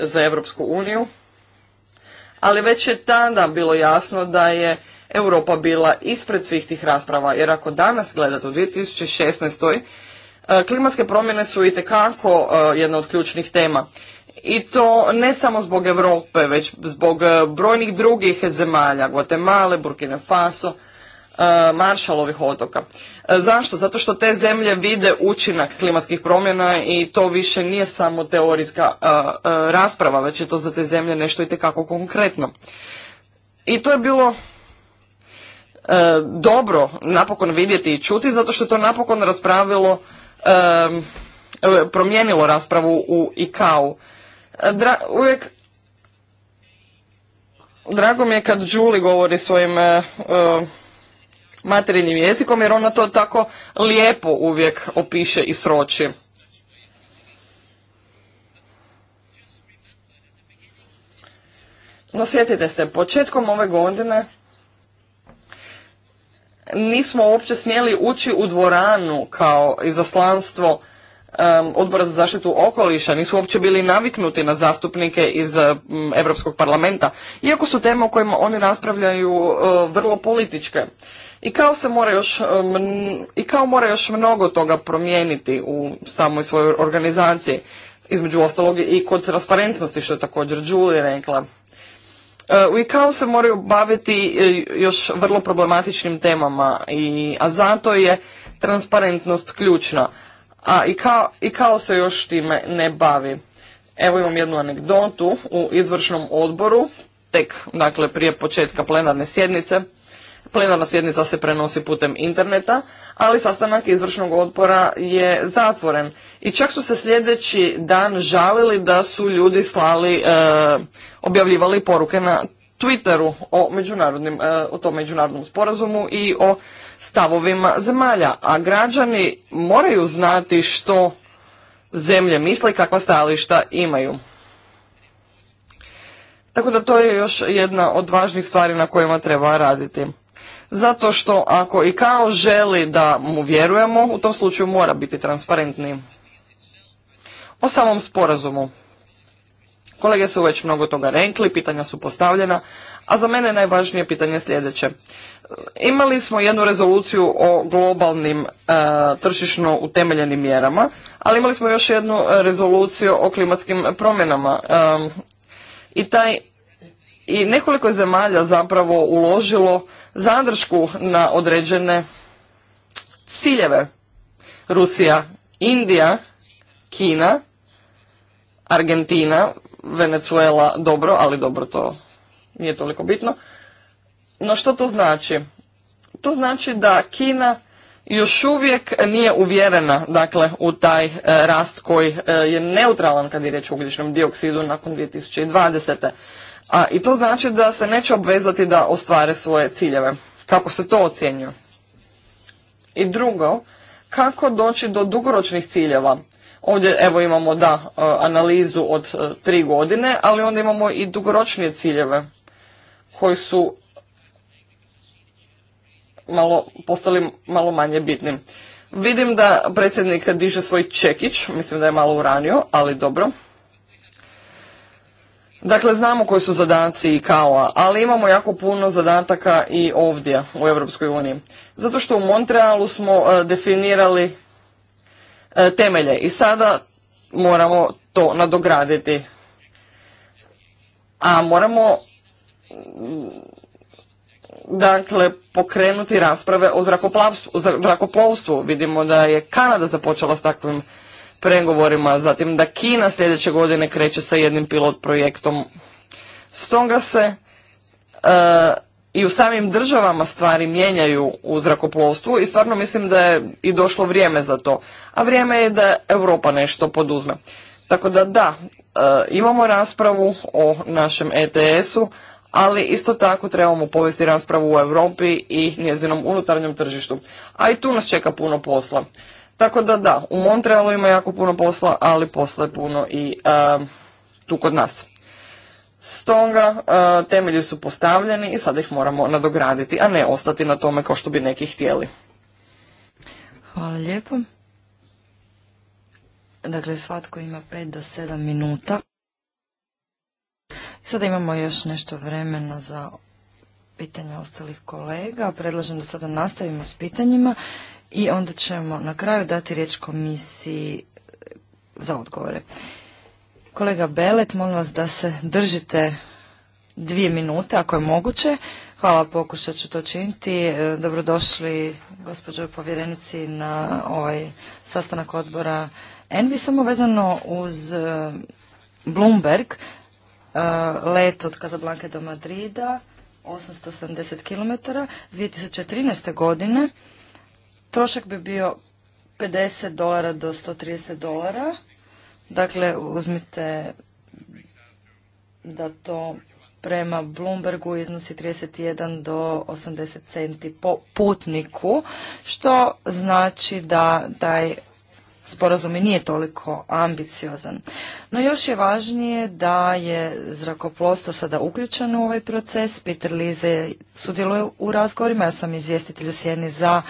za Europsku uniju, ali već je tada bilo jasno da je Europa bila ispred svih tih rasprava, jer ako danas gledate u 2016. klimatske promjene su i tekako jedna od ključnih tema i to ne samo zbog Europe, već zbog e, brojnih drugih zemalja, Guatemala, Burkina Faso, e, Maršalovih otoka. E, zašto? Zato što te zemlje vide učinak klimatskih promjena i to više nije samo teorijska rasprava, već je to za te zemlje nešto itekako konkretno. I to je bilo dobro napokon vidjeti i čuti, zato što je to napokon raspravilo promijenilo raspravu u ICAO uvijek drago mi je kad Julie govori svojim e, e, materinim jezikom jer ona to tako lijepo uvijek opiše i sroči. No sjetite se, početkom ove godine nismo uopće smjeli ući u dvoranu kao izaslanstvo odbora za zaštitu okoliša nisu uopće bili naviknuti na zastupnike iz Europskog parlamenta, iako su teme o kojima oni raspravljaju eh, vrlo političke. I kao, se mora još, I kao mora još mnogo toga promijeniti u samoj svojoj organizaciji, između ostalog i kod transparentnosti, što je također Julie rekla. U eh, kao se moraju baviti eh, još vrlo problematičnim temama, i, a zato je transparentnost ključna a i kao, i kao se još time ne bavi. Evo imam jednu anegdotu u izvršnom odboru, tek dakle prije početka plenarne sjednice. Plenarna sjednica se prenosi putem interneta, ali sastanak izvršnog odbora je zatvoren. I čak su se sljedeći dan žalili da su ljudi slali, e, objavljivali poruke na Twitteru o, međunarodnim, e, o tom međunarodnom sporazumu i o stavovima zemalja, a građani moraju znati što zemlje misle i kakva stajališta imaju. Tako da to je još jedna od važnih stvari na kojima treba raditi. Zato što ako i kao želi da mu vjerujemo, u tom slučaju mora biti transparentniji. O samom sporazumu. Kolege su već mnogo toga rekli, pitanja su postavljena, a za mene najvažnije pitanje je sljedeće imali smo jednu rezoluciju o globalnim e, tržišno utemeljenim mjerama, ali imali smo još jednu rezoluciju o klimatskim promjenama. E, I taj i nekoliko je zemalja zapravo uložilo zadršku na određene ciljeve. Rusija, Indija, Kina, Argentina, Venezuela, dobro, ali dobro to nije toliko bitno. No što to znači? To znači da Kina još uvijek nije uvjerena dakle, u taj e, rast koji e, je neutralan kad je riječ o ugljičnom dioksidu nakon 2020. A, I to znači da se neće obvezati da ostvare svoje ciljeve. Kako se to ocjenjuje? I drugo, kako doći do dugoročnih ciljeva? Ovdje evo imamo da e, analizu od tri godine, ali onda imamo i dugoročnije ciljeve koji su malo, postali malo manje bitnim. Vidim da predsjednik diže svoj čekić, mislim da je malo uranio, ali dobro. Dakle, znamo koji su zadaci i kao, ali imamo jako puno zadataka i ovdje u EU. Zato što u Montrealu smo e, definirali e, temelje i sada moramo to nadograditi. A moramo dakle pokrenuti rasprave o zrakoplovstvu. Vidimo da je Kanada započela s takvim pregovorima, zatim da Kina sljedeće godine kreće sa jednim pilot projektom. Stoga se e, i u samim državama stvari mijenjaju u zrakoplovstvu i stvarno mislim da je i došlo vrijeme za to. A vrijeme je da Europa nešto poduzme. Tako da da, e, imamo raspravu o našem ETS-u, ali isto tako trebamo povesti raspravu u Europi i njezinom unutarnjem tržištu. A i tu nas čeka puno posla. Tako da da, u Montrealu ima jako puno posla, ali posla je puno i e, tu kod nas. Stoga e, temelji su postavljeni i sad ih moramo nadograditi, a ne ostati na tome kao što bi neki htjeli. Hvala lijepo. Dakle, svatko ima 5 do 7 minuta. Sada imamo još nešto vremena za pitanja ostalih kolega. Predlažem da sada nastavimo s pitanjima i onda ćemo na kraju dati riječ komisiji e, za odgovore. Kolega Belet, molim vas da se držite dvije minute, ako je moguće. Hvala, pokušat ću to činiti. E, dobrodošli, gospođo povjerenici, na ovaj sastanak odbora Envi. Samo vezano uz e, Bloomberg, E, let od Kazablanke do Madrida, 870 km, 2013. godine trošak bi bio 50 dolara do 130 dolara. Dakle, uzmite da to prema Bloombergu iznosi 31 do 80 centi po putniku, što znači da taj sporazum i nije toliko ambiciozan. No još je važnije da je zrakoplovstvo sada uključeno u ovaj proces. Peter Lize sudjeluje u razgovorima, ja sam izvjestitelj u Sjeni za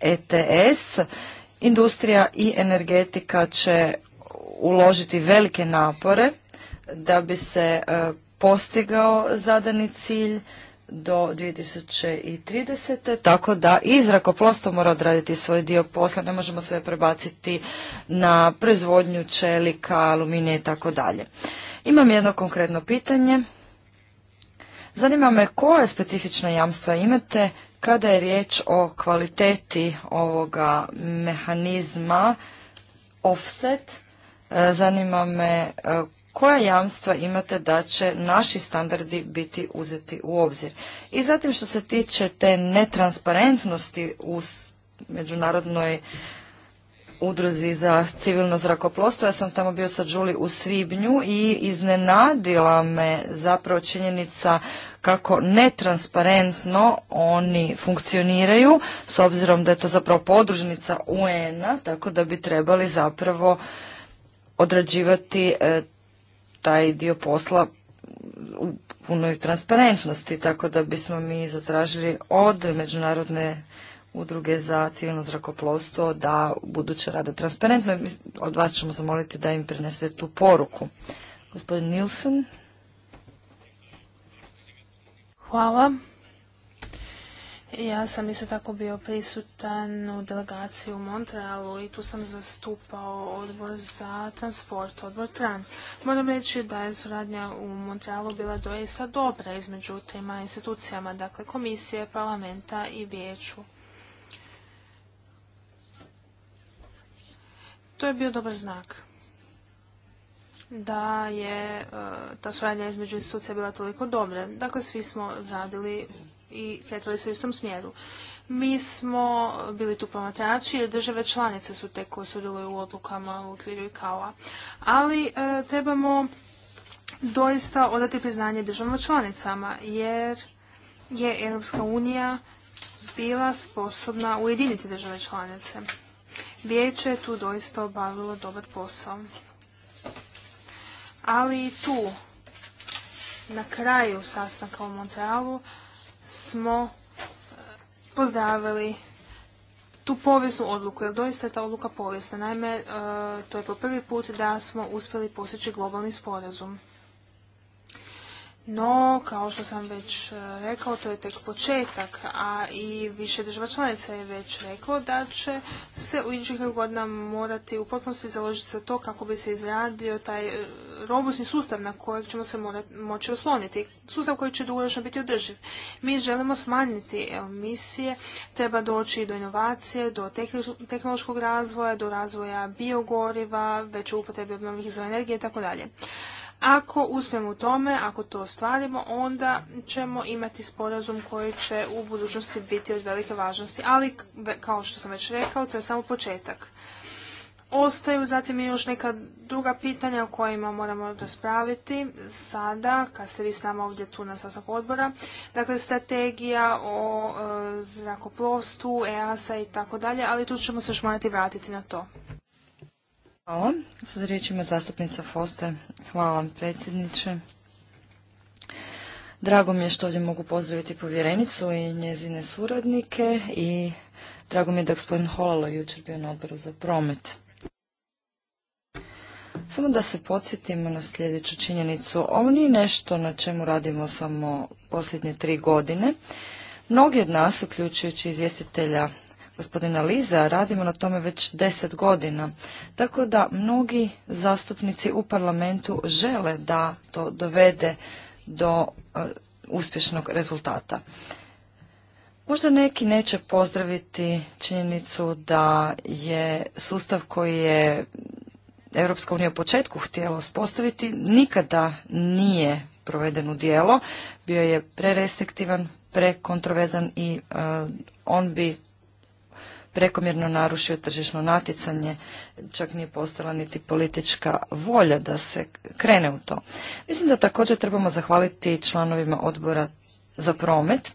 ETS. Industrija i energetika će uložiti velike napore da bi se e, postigao zadani cilj do 2030. Tako da i zrakoplovstvo mora odraditi svoj dio posla. Ne možemo sve prebaciti na proizvodnju čelika, aluminije i tako dalje. Imam jedno konkretno pitanje. Zanima me koje specifične jamstva imate kada je riječ o kvaliteti ovoga mehanizma offset. E, zanima me e, koja jamstva imate da će naši standardi biti uzeti u obzir? I zatim što se tiče te netransparentnosti u međunarodnoj udruzi za civilno zrakoplovstvo. Ja sam tamo bio sa Đuli u Svibnju i iznenadila me zapravo činjenica kako netransparentno oni funkcioniraju, s obzirom da je to zapravo podružnica UN-a, tako da bi trebali zapravo odrađivati e, taj dio posla u punoj transparentnosti, tako da bismo mi zatražili od međunarodne udruge za civilno zrakoplovstvo da buduće rade transparentno. Od vas ćemo zamoliti da im prenesete tu poruku. Gospodin Nilsen. Hvala. Ja sam isto tako bio prisutan u delegaciji u Montrealu i tu sam zastupao odbor za transport, odbor TRAN. Moram reći da je suradnja u Montrealu bila doista dobra između trima institucijama, dakle komisije, parlamenta i vijeću. To je bio dobar znak da je e, ta suradnja između institucija bila toliko dobra. Dakle, svi smo radili i kretali se u istom smjeru. Mi smo bili tu promatrači jer države članice su te koje sudjeluju u odlukama u okviru i a Ali e, trebamo doista odati priznanje državama članicama jer je Europska unija bila sposobna ujediniti države članice. Vijeće je tu doista obavilo dobar posao. Ali tu, na kraju sastanka u Montrealu, smo e, pozdravili tu povijesnu odluku, jer doista je ta odluka povijesna. Naime, e, to je po prvi put da smo uspjeli postići globalni sporazum. No, kao što sam već e, rekao, to je tek početak, a i više država članica je već reklo da će se u idućih godina morati u potpunosti založiti za to kako bi se izradio taj e, robustni sustav na kojeg ćemo se moći osloniti, sustav koji će dugoročno biti održiv. Mi želimo smanjiti emisije, treba doći do inovacije, do tehnološkog razvoja, do razvoja biogoriva, veće upotrebe obnovljivih izvora energije i tako dalje. Ako uspijemo u tome, ako to ostvarimo, onda ćemo imati sporazum koji će u budućnosti biti od velike važnosti. Ali, kao što sam već rekao, to je samo početak. Ostaju zatim još neka druga pitanja o kojima moramo raspraviti sada, kad ste vi s nama ovdje tu na sasak odbora. Dakle, strategija o e, EASA i tako dalje, ali tu ćemo se još morati vratiti na to. Hvala. Sad riječ ima zastupnica Foster. Hvala vam predsjedniče. Drago mi je što ovdje mogu pozdraviti povjerenicu i njezine suradnike i drago mi je da gospodin Holalo jučer bio na odboru za promet. Samo da se podsjetimo na sljedeću činjenicu. Ovo nije nešto na čemu radimo samo posljednje tri godine. Mnogi od nas, uključujući izvjestitelja gospodina Liza radimo na tome već deset godina. Tako da mnogi zastupnici u parlamentu žele da to dovede do e, uspješnog rezultata. Možda neki neće pozdraviti činjenicu da je sustav koji je Europska unija u početku htjela uspostaviti nikada nije proveden u dijelo. Bio je prerestriktivan, prekontrovezan i e, on bi prekomjerno narušio tržišno natjecanje, čak nije postala niti politička volja da se krene u to. Mislim da također trebamo zahvaliti članovima odbora za promet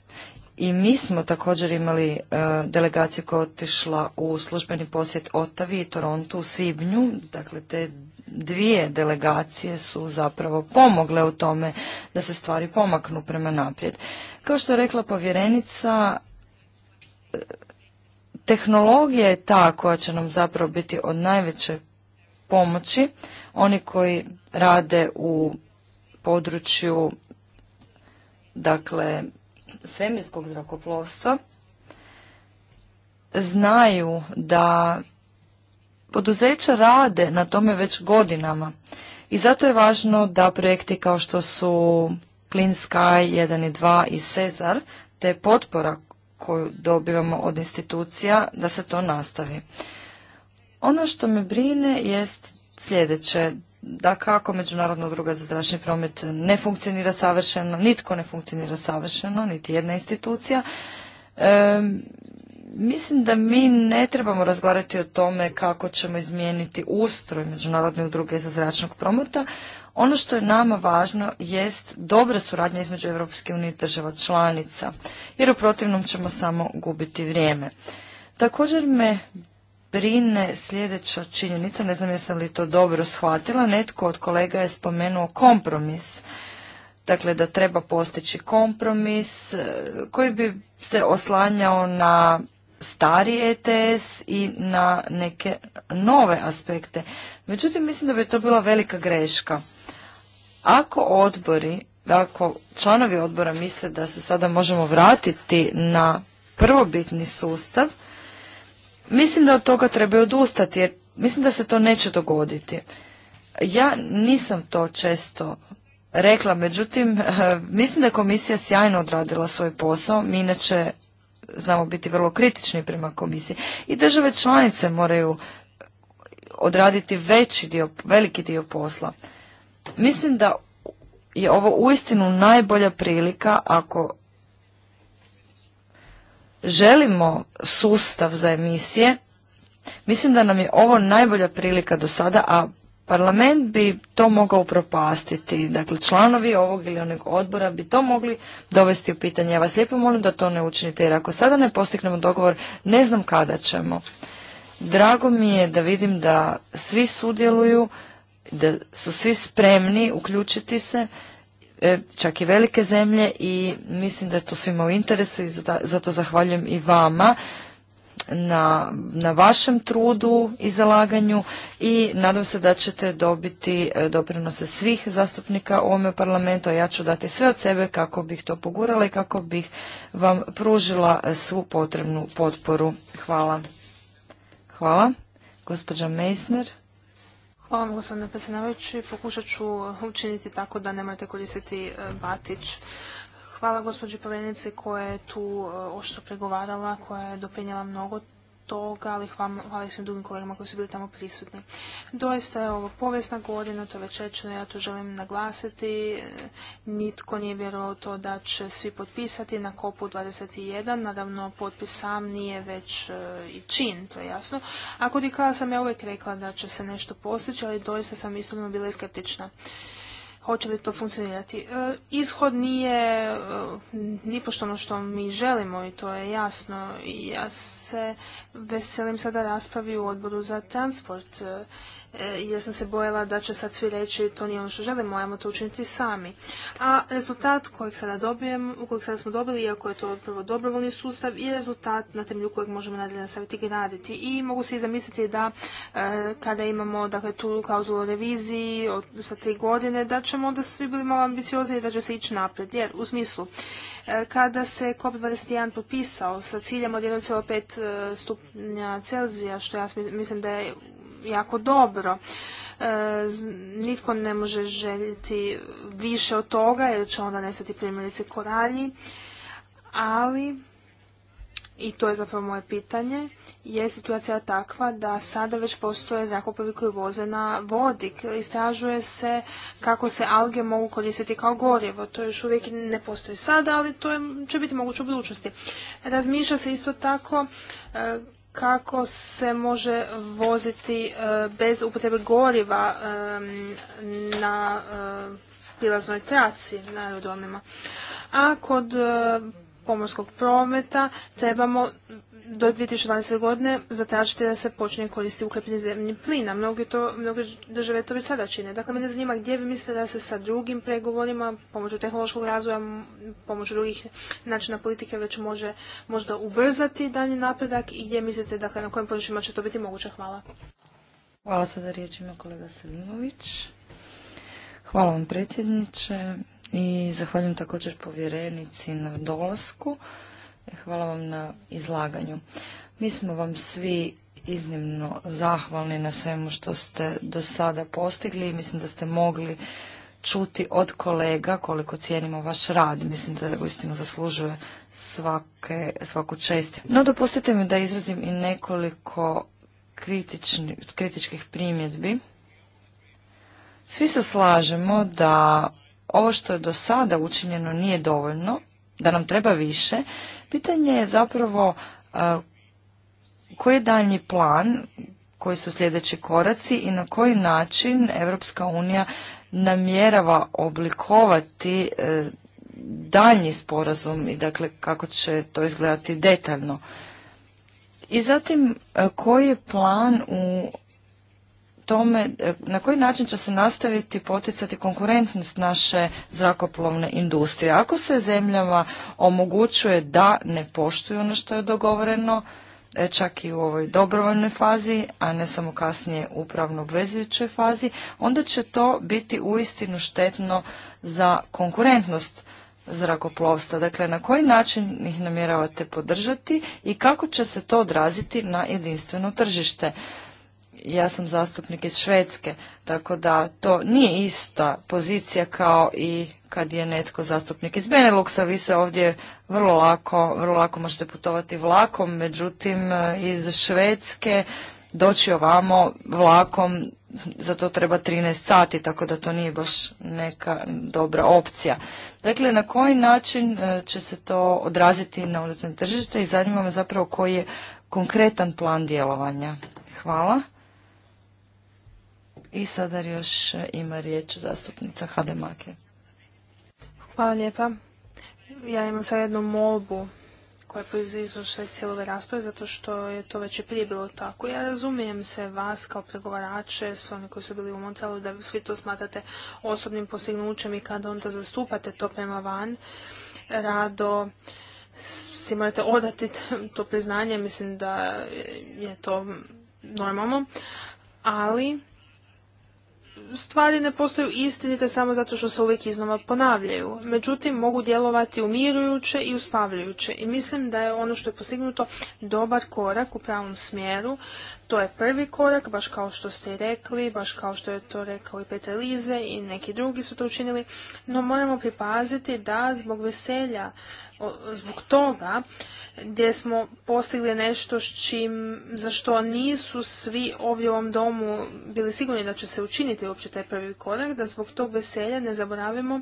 i mi smo također imali e, delegaciju koja otišla u službeni posjet Otavi i Torontu u Svibnju. Dakle, te dvije delegacije su zapravo pomogle u tome da se stvari pomaknu prema naprijed. Kao što je rekla povjerenica, tehnologija je ta koja će nam zapravo biti od najveće pomoći. Oni koji rade u području dakle svemirskog zrakoplovstva znaju da poduzeća rade na tome već godinama i zato je važno da projekti kao što su Clean Sky 1 i 2 i Cezar te potpora koju dobivamo od institucija da se to nastavi. Ono što me brine jest sljedeće, da kako Međunarodna udruga za zračni promet ne funkcionira savršeno, nitko ne funkcionira savršeno, niti jedna institucija. mislim da mi ne trebamo razgovarati o tome kako ćemo izmijeniti ustroj Međunarodne udruge za zračnog prometa. Ono što je nama važno jest dobra suradnja između EU i država članica, jer u protivnom ćemo samo gubiti vrijeme. Također me brine sljedeća činjenica, ne znam jesam li to dobro shvatila, netko od kolega je spomenuo kompromis, dakle da treba postići kompromis eh, koji bi se oslanjao na stari ETS i na neke nove aspekte. Međutim, mislim da bi to bila velika greška. Ako odbori, ako članovi odbora misle da se sada možemo vratiti na prvobitni sustav, mislim da od toga treba odustati jer mislim da se to neće dogoditi. Ja nisam to često rekla, međutim, <laughs> mislim da je komisija sjajno odradila svoj posao, mi inače znamo biti vrlo kritični prema komisiji. I države članice moraju odraditi veći dio, veliki dio posla. Mislim da je ovo uistinu najbolja prilika ako želimo sustav za emisije. Mislim da nam je ovo najbolja prilika do sada, a parlament bi to mogao propastiti. Dakle, članovi ovog ili onog odbora bi to mogli dovesti u pitanje. Ja vas lijepo molim da to ne učinite, jer ako sada ne postignemo dogovor, ne znam kada ćemo. Drago mi je da vidim da svi sudjeluju da su svi spremni uključiti se, e, čak i velike zemlje i mislim da je to svima u interesu i zato zahvaljujem i vama na, na vašem trudu i zalaganju i nadam se da ćete dobiti e, doprinose svih zastupnika u ovome parlamentu, a ja ću dati sve od sebe kako bih to pogurala i kako bih vam pružila svu potrebnu potporu. Hvala. Hvala. Gospođa Meisner. Hvala vam, gospodine predsjedavajući. Pokušat ću učiniti tako da nemojte koristiti e, batić. Hvala gospođi povjerenici koja je tu e, ošto pregovarala, koja je doprinjela mnogo toga, ali hvala, hvala svim drugim kolegama koji su bili tamo prisutni. Doista je ovo povijesna godina, to je već rečeno, ja to želim naglasiti. Nitko nije vjerovao to da će svi potpisati na kopu 21, nadavno potpis sam nije već e, i čin, to je jasno. A kod kada sam ja uvijek rekla da će se nešto postići, ali doista sam istotno bila skeptična hoće li to funkcionirati. E, ishod nije e, nipošto ono što mi želimo i to je jasno. Ja se veselim sada raspravi u odboru za transport e, E, jer sam se bojala da će sad svi reći to nije ono što želimo, moramo to učiniti sami. A rezultat kojeg sada dobijem, kojeg sada smo dobili, iako je to prvo dobrovoljni sustav, je rezultat na temelju kojeg možemo nadalje nastaviti graditi. I mogu se i zamisliti da e, kada imamo dakle, tu klauzulu reviziji od, sa tri godine, da ćemo onda svi bili malo ambiciozni i da će se ići naprijed. Jer u smislu, e, kada se COP21 potpisao sa ciljem od 1,5 stupnja Celzija, što ja mislim da je jako dobro. E, nitko ne može željeti više od toga jer će onda nestati primjerice koralji, ali i to je zapravo moje pitanje, je situacija takva da sada već postoje zakupovi koji voze na vodik. Istražuje se kako se alge mogu koristiti kao gorivo. To još uvijek ne postoji sada, ali to će biti moguće u budućnosti. Razmišlja se isto tako e, kako se može voziti e, bez upotrebe goriva e, na e, prilaznoj traci na aerodromima. A kod pomorskog prometa trebamo do 2012. godine zatražiti da se počne koristiti ukapljeni zemlji plina. Mnoge, to, mnoge države to već sada čine. Dakle, mene zanima gdje vi mislite da se sa drugim pregovorima, pomoću tehnološkog razvoja, pomoću drugih načina politike već može možda ubrzati dalji napredak i gdje mislite, dakle, na kojim područjima će to biti moguće? Hvala. Hvala sada riječ kolega Selimović. Hvala vam predsjedniče i zahvaljujem također povjerenici na dolasku. Hvala vam na izlaganju. Mi smo vam svi iznimno zahvalni na svemu što ste do sada postigli i mislim da ste mogli čuti od kolega koliko cijenimo vaš rad. Mislim da uistinu zaslužuje svake, svaku čest. No dopustite mi da izrazim i nekoliko kritični, kritičkih primjedbi. Svi se slažemo da ovo što je do sada učinjeno nije dovoljno, da nam treba više Pitanje je zapravo koji je daljnji plan, koji su sljedeći koraci i na koji način Europska unija namjerava oblikovati e, daljnji sporazum i dakle kako će to izgledati detaljno. I zatim e, koji je plan u tome e, na koji način će se nastaviti poticati konkurentnost naše zrakoplovne industrije. Ako se zemljama omogućuje da ne poštuju ono što je dogovoreno, e, čak i u ovoj dobrovoljnoj fazi, a ne samo kasnije u pravno obvezujućoj fazi, onda će to biti uistinu štetno za konkurentnost zrakoplovstva. Dakle, na koji način ih namjeravate podržati i kako će se to odraziti na jedinstveno tržište? ja sam zastupnik iz Švedske, tako da to nije ista pozicija kao i kad je netko zastupnik iz Beneluxa, vi se ovdje vrlo lako, vrlo lako možete putovati vlakom, međutim iz Švedske doći ovamo vlakom, za to treba 13 sati, tako da to nije baš neka dobra opcija. Dakle, na koji način e, će se to odraziti na unutarnje tržište i zanima me zapravo koji je konkretan plan djelovanja. Hvala. I sada još ima riječ zastupnica Hademake. Hvala lijepa. Ja imam sad jednu molbu koja proizlazi iz cijele ove rasprave, zato što je to već i prije bilo tako. Ja razumijem se vas kao pregovarače, s oni koji su bili u Montrealu, da svi to smatrate osobnim postignućem i kada onda zastupate to prema van, rado si morate odati to priznanje, mislim da je to normalno, ali stvari ne postaju istinite samo zato što se uvijek iznova ponavljaju. Međutim, mogu djelovati umirujuće i uspavljujuće. I mislim da je ono što je postignuto dobar korak u pravom smjeru. To je prvi korak, baš kao što ste i rekli, baš kao što je to rekao i petelize Lize i neki drugi su to učinili. No moramo pripaziti da zbog veselja zbog toga gdje smo postigli nešto s čim, za što nisu svi ovdje u ovom domu bili sigurni da će se učiniti uopće taj prvi korak, da zbog tog veselja ne zaboravimo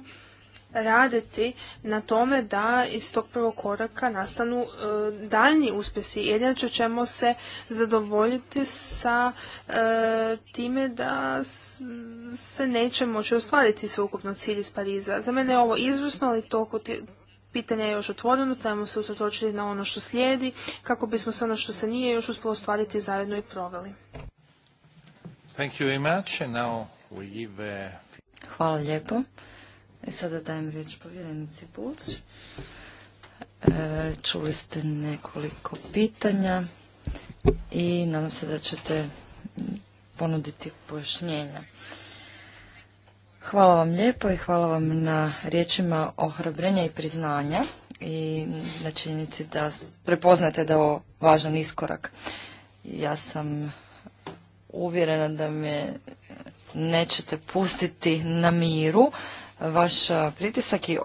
raditi na tome da iz tog prvog koraka nastanu e, daljnji uspjesi. Jedinače ćemo se zadovoljiti sa e, time da se neće moći ostvariti sveukupno cilj iz Pariza. Za mene je ovo izvrsno, ali toliko pitanje je još otvoreno, trebamo se usredotočiti na ono što slijedi, kako bismo se ono što se nije još uspjelo ostvariti zajedno i proveli. Thank you very much. And uh, Hvala lijepo. I e, sada dajem riječ povjerenici Bulč. E, čuli ste nekoliko pitanja i nadam se da ćete ponuditi pojašnjenja. Hvala vam lijepo i hvala vam na riječima ohrabrenja i priznanja i na činjenici da prepoznate da je ovo važan iskorak. Ja sam uvjerena da me nećete pustiti na miru. Vaš pritisak i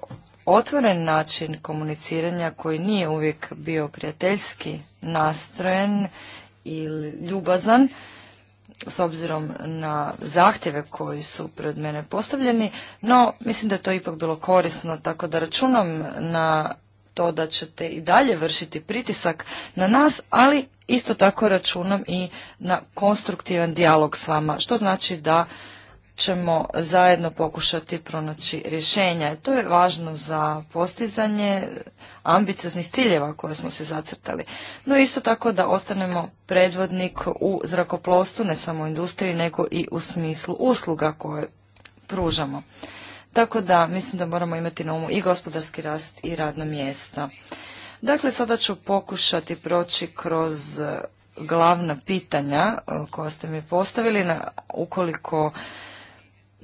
otvoren način komuniciranja koji nije uvijek bio prijateljski nastrojen ili ljubazan s obzirom na zahtjeve koji su pred mene postavljeni, no mislim da je to ipak bilo korisno, tako da računam na to da ćete i dalje vršiti pritisak na nas, ali isto tako računam i na konstruktivan dijalog s vama, što znači da ćemo zajedno pokušati pronaći rješenja. To je važno za postizanje ambicioznih ciljeva koje smo se zacrtali. No isto tako da ostanemo predvodnik u zrakoplostu, ne samo u industriji, nego i u smislu usluga koje pružamo. Tako da mislim da moramo imati na umu i gospodarski rast i radna mjesta. Dakle, sada ću pokušati proći kroz glavna pitanja eh, koja ste mi postavili. Ukoliko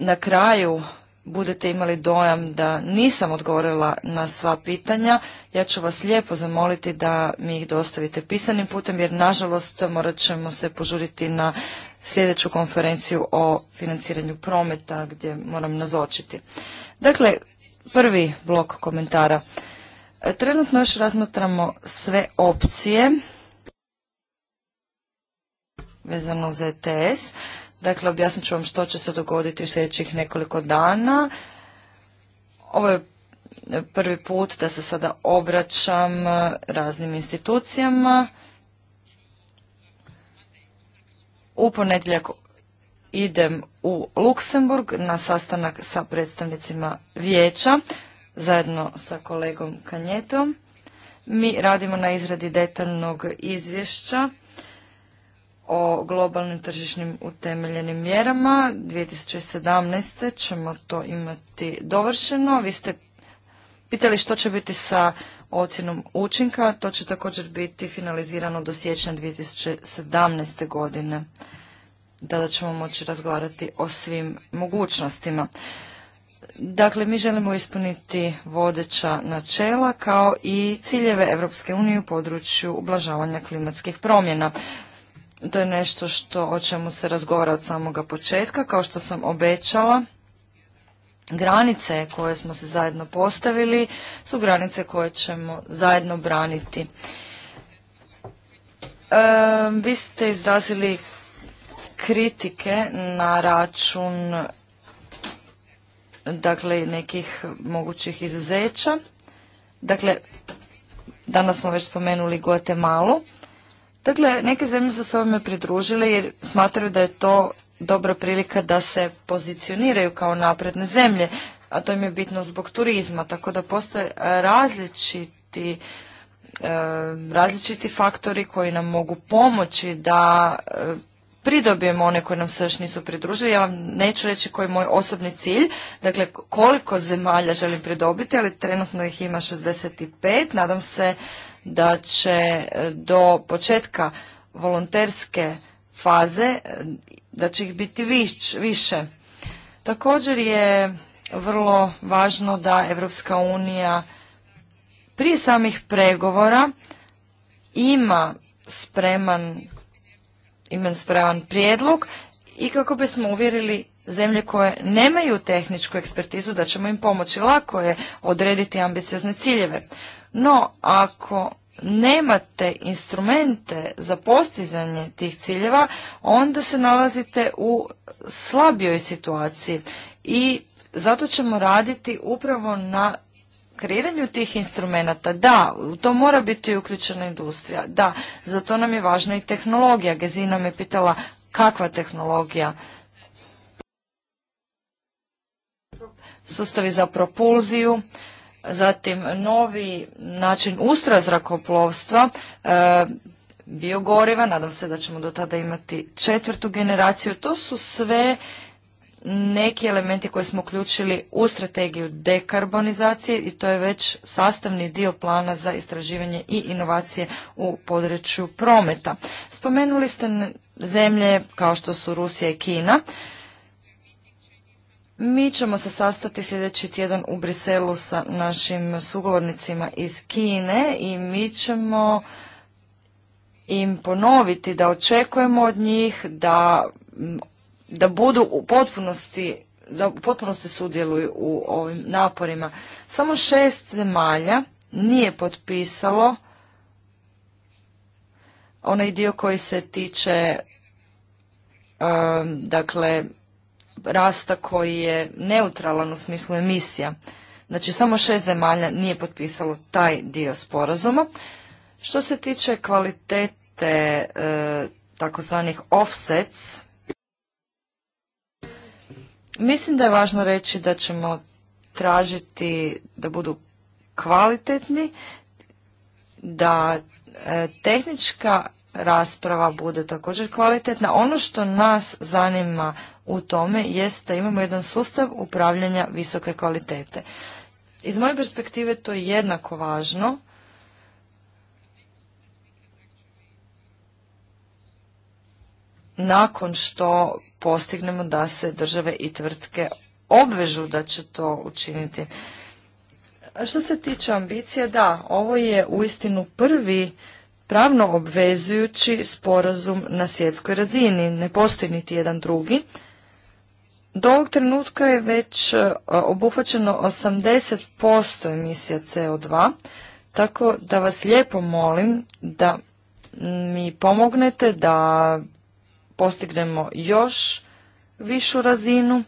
na kraju budete imali dojam da nisam odgovorila na sva pitanja, ja ću vas lijepo zamoliti da mi ih dostavite pisanim putem, jer nažalost morat ćemo se požuriti na sljedeću konferenciju o financiranju prometa gdje moram nazočiti. Dakle, prvi blok komentara. Trenutno još razmatramo sve opcije vezano za ETS. Dakle, objasnit ću vam što će se dogoditi u sljedećih nekoliko dana. Ovo je prvi put da se sada obraćam raznim institucijama. U ponedjeljak idem u Luksemburg na sastanak sa predstavnicima vijeća zajedno sa kolegom Kanjetom. Mi radimo na izradi detaljnog izvješća o globalnim tržišnim utemeljenim mjerama. 2017. ćemo to imati dovršeno. Vi ste pitali što će biti sa ocjenom učinka. To će također biti finalizirano do siječnja 2017. godine. Tada ćemo moći razgovarati o svim mogućnostima. Dakle, mi želimo ispuniti vodeća načela kao i ciljeve Europske unije u području ublažavanja klimatskih promjena. To je nešto što, o čemu se razgovara od samoga početka. Kao što sam obećala, granice koje smo se zajedno postavili su granice koje ćemo zajedno braniti. E, vi ste izrazili kritike na račun dakle nekih mogućih izuzeća. Dakle, danas smo već spomenuli Guatemala. Dakle, neke zemlje su se ovome pridružile jer smatraju da je to dobra prilika da se pozicioniraju kao napredne zemlje, a to im je bitno zbog turizma, tako da postoje različiti e, različiti faktori koji nam mogu pomoći da e, pridobijemo one koje nam se još nisu pridružili. Ja vam neću reći koji je moj osobni cilj, dakle koliko zemalja želim pridobiti, ali trenutno ih ima 65. Nadam se da će e, do početka volonterske faze, e, da će ih biti više. Također je vrlo važno da Europska unija prije samih pregovora ima spreman imen spreman prijedlog i kako bismo uvjerili zemlje koje nemaju tehničku ekspertizu da ćemo im pomoći. Lako je odrediti ambiciozne ciljeve. No, ako nemate instrumente za postizanje tih ciljeva, onda se nalazite u slabijoj situaciji i zato ćemo raditi upravo na kreiranju tih instrumenata. Da, u to mora biti uključena industrija. Da, za to nam je važna i tehnologija. Gezina me pitala kakva tehnologija. Sustavi za propulziju, zatim novi način ustroja zrakoplovstva, e, biogoriva, nadam se da ćemo do tada imati četvrtu generaciju. To su sve neki elementi koje smo uključili u strategiju dekarbonizacije i to je već sastavni dio plana za istraživanje i inovacije u području prometa. Spomenuli ste zemlje kao što su Rusija i Kina. Mi ćemo se sastati sljedeći tjedan u Briselu sa našim sugovornicima iz Kine i mi ćemo im ponoviti da očekujemo od njih da, da budu u potpunosti da u potpunosti sudjeluju u ovim naporima. Samo šest zemalja nije potpisalo onaj dio koji se tiče dakle rasta koji je neutralan u smislu emisija. Znači samo šest zemalja nije potpisalo taj dio sporazuma. Što se tiče kvalitete e, takozvanih offsets, mislim da je važno reći da ćemo tražiti da budu kvalitetni, da e, tehnička rasprava bude također kvalitetna. Ono što nas zanima u tome jest da imamo jedan sustav upravljanja visoke kvalitete. Iz moje perspektive to je jednako važno nakon što postignemo da se države i tvrtke obvežu da će to učiniti. A što se tiče ambicije, da, ovo je uistinu prvi pravno obvezujući sporazum na svjetskoj razini. Ne postoji niti jedan drugi. Do ovog trenutka je već e, obuhvaćeno 80% emisija CO2, tako da vas lijepo molim da mi pomognete da postignemo još višu razinu.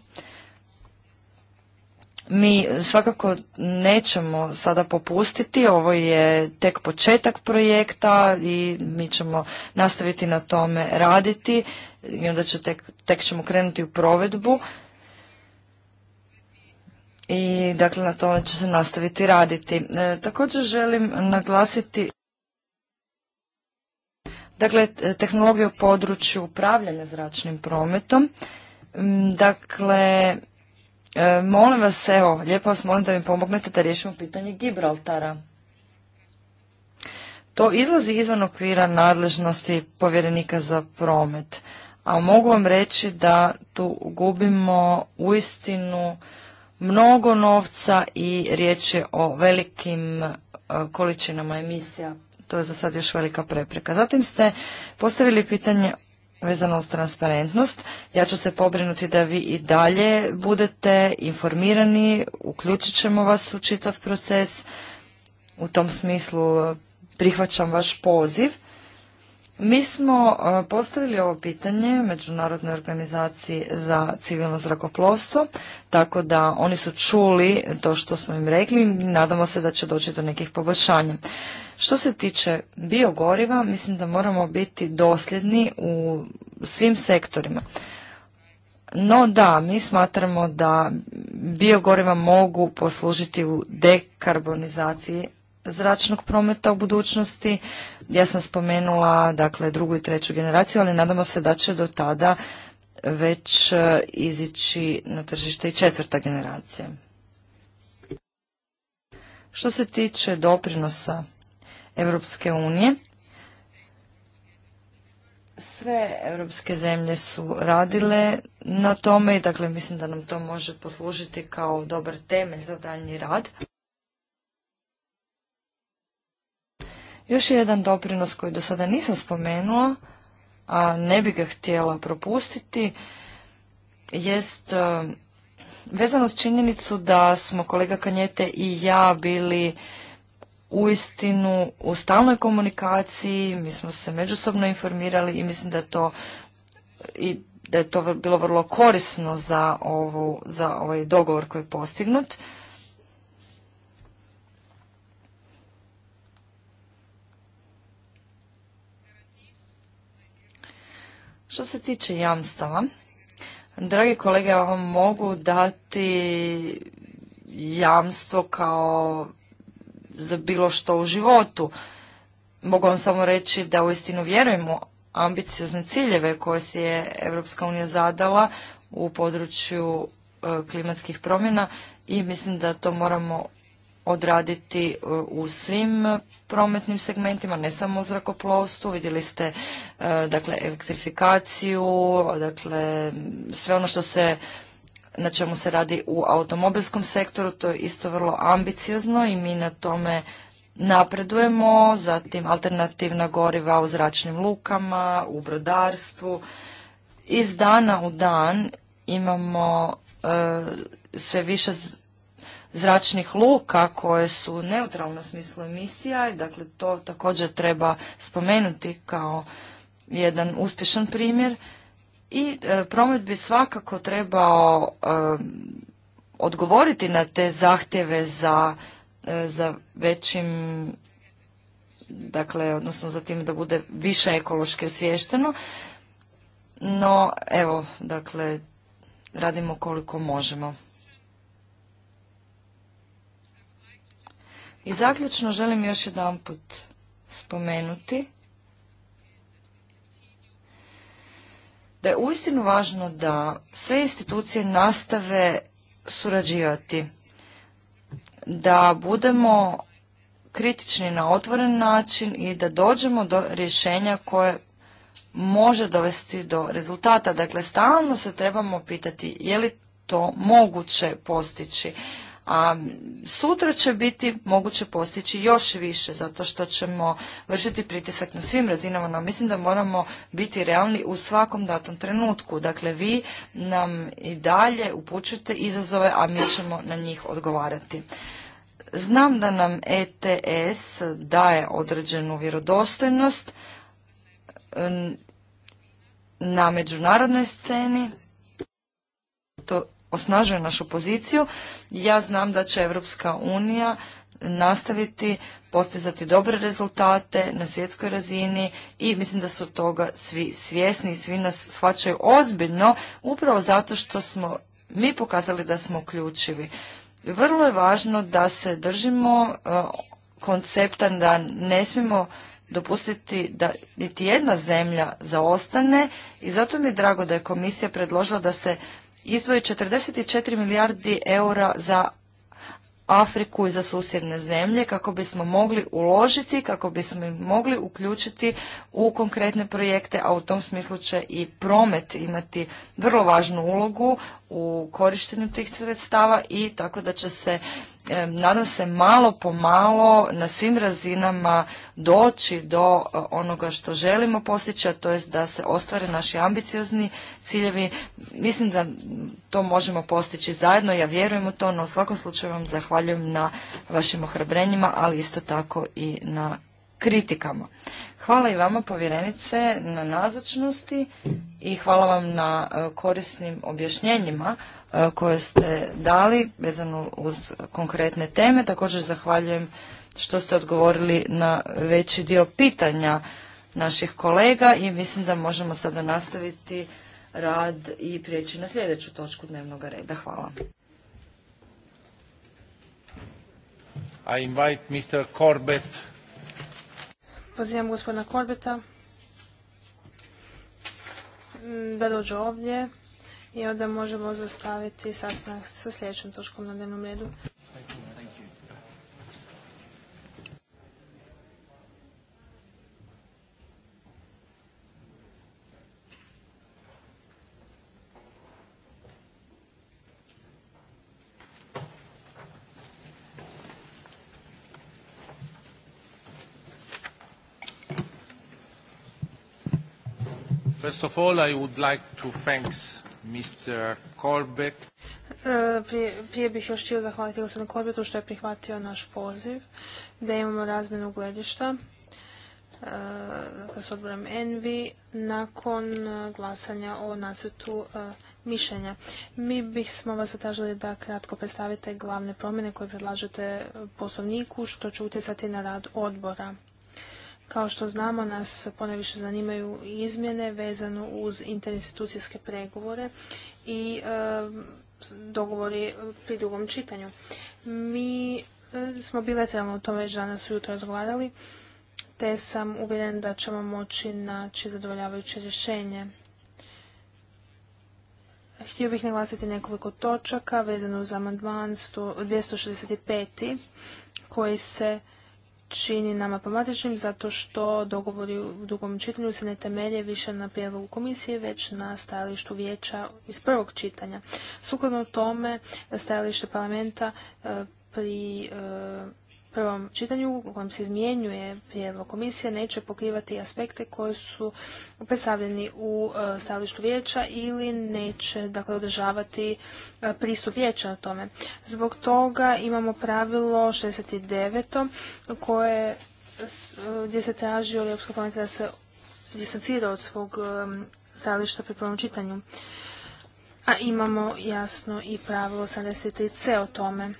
Mi svakako nećemo sada popustiti, ovo je tek početak projekta i mi ćemo nastaviti na tome raditi i onda će tek, tek ćemo krenuti u provedbu i dakle na tome će se nastaviti raditi. E, također želim naglasiti dakle tehnologiju u području upravljanja zračnim prometom. Mm, dakle, e, molim vas, evo, lijepo vas molim da mi pomognete da riješimo pitanje Gibraltara. To izlazi izvan okvira nadležnosti povjerenika za promet a mogu vam reći da tu gubimo uistinu mnogo novca i riječ je o velikim e, količinama emisija. To je za sad još velika prepreka. Zatim ste postavili pitanje vezano uz transparentnost. Ja ću se pobrinuti da vi i dalje budete informirani, uključit ćemo vas u čitav proces. U tom smislu e, prihvaćam vaš poziv. Mi smo e, postavili ovo pitanje Međunarodnoj organizaciji za civilno zrakoplovstvo, tako da oni su čuli to što smo im rekli i nadamo se da će doći do nekih poboljšanja. Što se tiče biogoriva, mislim da moramo biti dosljedni u svim sektorima. No da, mi smatramo da biogoriva mogu poslužiti u dekarbonizaciji zračnog prometa u budućnosti. Ja sam spomenula dakle drugu i treću generaciju, ali nadamo se da će do tada već e, izići na tržište i četvrta generacija. Što se tiče doprinosa Europske unije, sve europske zemlje su radile na tome i dakle mislim da nam to može poslužiti kao dobar temelj za daljnji rad. Još jedan doprinos koji do sada nisam spomenula, a ne bih ga htjela propustiti, jest e, vezano s činjenicu da smo kolega Kanjete i ja bili istinu u stalnoj komunikaciji, mi smo se međusobno informirali i mislim da je to i da je to bilo vrlo korisno za, ovu, za ovaj dogovor koji je postignut. Što se tiče jamstava, dragi kolege, ja vam mogu dati jamstvo kao za bilo što u životu. Mogu vam samo reći da uistinu vjerujemo ambiciozne ciljeve koje si je Europska unija zadala u području e, klimatskih promjena i mislim da to moramo odraditi e, u svim prometnim segmentima, ne samo u zrakoplovstvu. Vidjeli ste e, dakle elektrifikaciju, dakle sve ono što se na čemu se radi u automobilskom sektoru, to je isto vrlo ambiciozno i mi na tome napredujemo, zatim alternativna goriva u zračnim lukama, u brodarstvu. Iz dana u dan imamo e, sve više zračnih luka koje su neutralno u smislu emisija i dakle to također treba spomenuti kao jedan uspješan primjer i e, promet bi svakako trebao e, odgovoriti na te zahtjeve za, e, za većim dakle odnosno za tim da bude više ekološki osviješteno no evo dakle radimo koliko možemo I zaključno želim još jedanput spomenuti da je uistinu važno da sve institucije nastave surađivati, da budemo kritični na otvoren način i da dođemo do rješenja koje može dovesti do rezultata. Dakle, stalno se trebamo pitati je li to moguće postići a sutra će biti moguće postići još više zato što ćemo vršiti pritisak na svim razinama, no mislim da moramo biti realni u svakom datom trenutku. Dakle, vi nam i dalje upućujete izazove, a mi ćemo na njih odgovarati. Znam da nam ETS daje određenu vjerodostojnost na međunarodnoj sceni, osnažuje našu poziciju. Ja znam da će Europska unija nastaviti postizati dobre rezultate na svjetskoj razini i mislim da su toga svi svjesni i svi nas shvaćaju ozbiljno upravo zato što smo mi pokazali da smo uključivi. Vrlo je važno da se držimo e, koncepta da ne smijemo dopustiti da niti jedna zemlja zaostane i zato mi je drago da je komisija predložila da se izdvoji 44 milijardi eura za Afriku i za susjedne zemlje kako bismo mogli uložiti, kako bismo mogli uključiti u konkretne projekte, a u tom smislu će i promet imati vrlo važnu ulogu u korištenju tih sredstava i tako da će se nadam se malo po malo na svim razinama doći do e, onoga što želimo postići, a to je da se ostvare naši ambiciozni ciljevi. Mislim da to možemo postići zajedno, ja vjerujem u to, no u svakom slučaju vam zahvaljujem na vašim ohrabrenjima, ali isto tako i na kritikama. Hvala i vama povjerenice na nazočnosti i hvala vam na e, korisnim objašnjenjima E, koje ste dali vezano uz konkretne teme. Također zahvaljujem što ste odgovorili na veći dio pitanja naših kolega i mislim da možemo sada nastaviti rad i prijeći na sljedeću točku dnevnog reda. Hvala. I invite Mr. Corbett. Pozivam gospodina da dođe ovdje i onda možemo zastaviti sastanak sa sljedećom točkom na dnevnom redu. First of all, I would like to thanks E, prije, bih još htio zahvaliti gospodinu Korbetu što je prihvatio naš poziv, da imamo razmjenu gledišta e, dakle, s odborom Envi nakon e, glasanja o nacrtu mišljenja. Mi bismo vas zatražili da kratko predstavite glavne promjene koje predlažete poslovniku što će utjecati na rad odbora. Kao što znamo, nas poneviše zanimaju izmjene vezano uz interinstitucijske pregovore i e, dogovori pri drugom čitanju. Mi e, smo bilateralno o tome već danas ujutro razgovarali, te sam uvjeren da ćemo moći naći zadovoljavajuće rješenje. Htio bih naglasiti nekoliko točaka vezano uz amandman 265. koji se čini nama problematičnim zato što dogovori u drugom čitanju se ne temelje više na prijedlogu komisije, već na stajalištu vijeća iz prvog čitanja. Sukladno tome, stajalište parlamenta eh, pri eh, prvom čitanju u kojem se izmjenjuje prijedlog komisije neće pokrivati aspekte koji su predstavljeni u e, stavljištu vijeća ili neće dakle, održavati e, pristup vijeća o tome. Zbog toga imamo pravilo 69. koje e, gdje se traži od Europskog da se distancira od svog stajališta pri prvom čitanju. A imamo jasno i pravilo 73c o tome.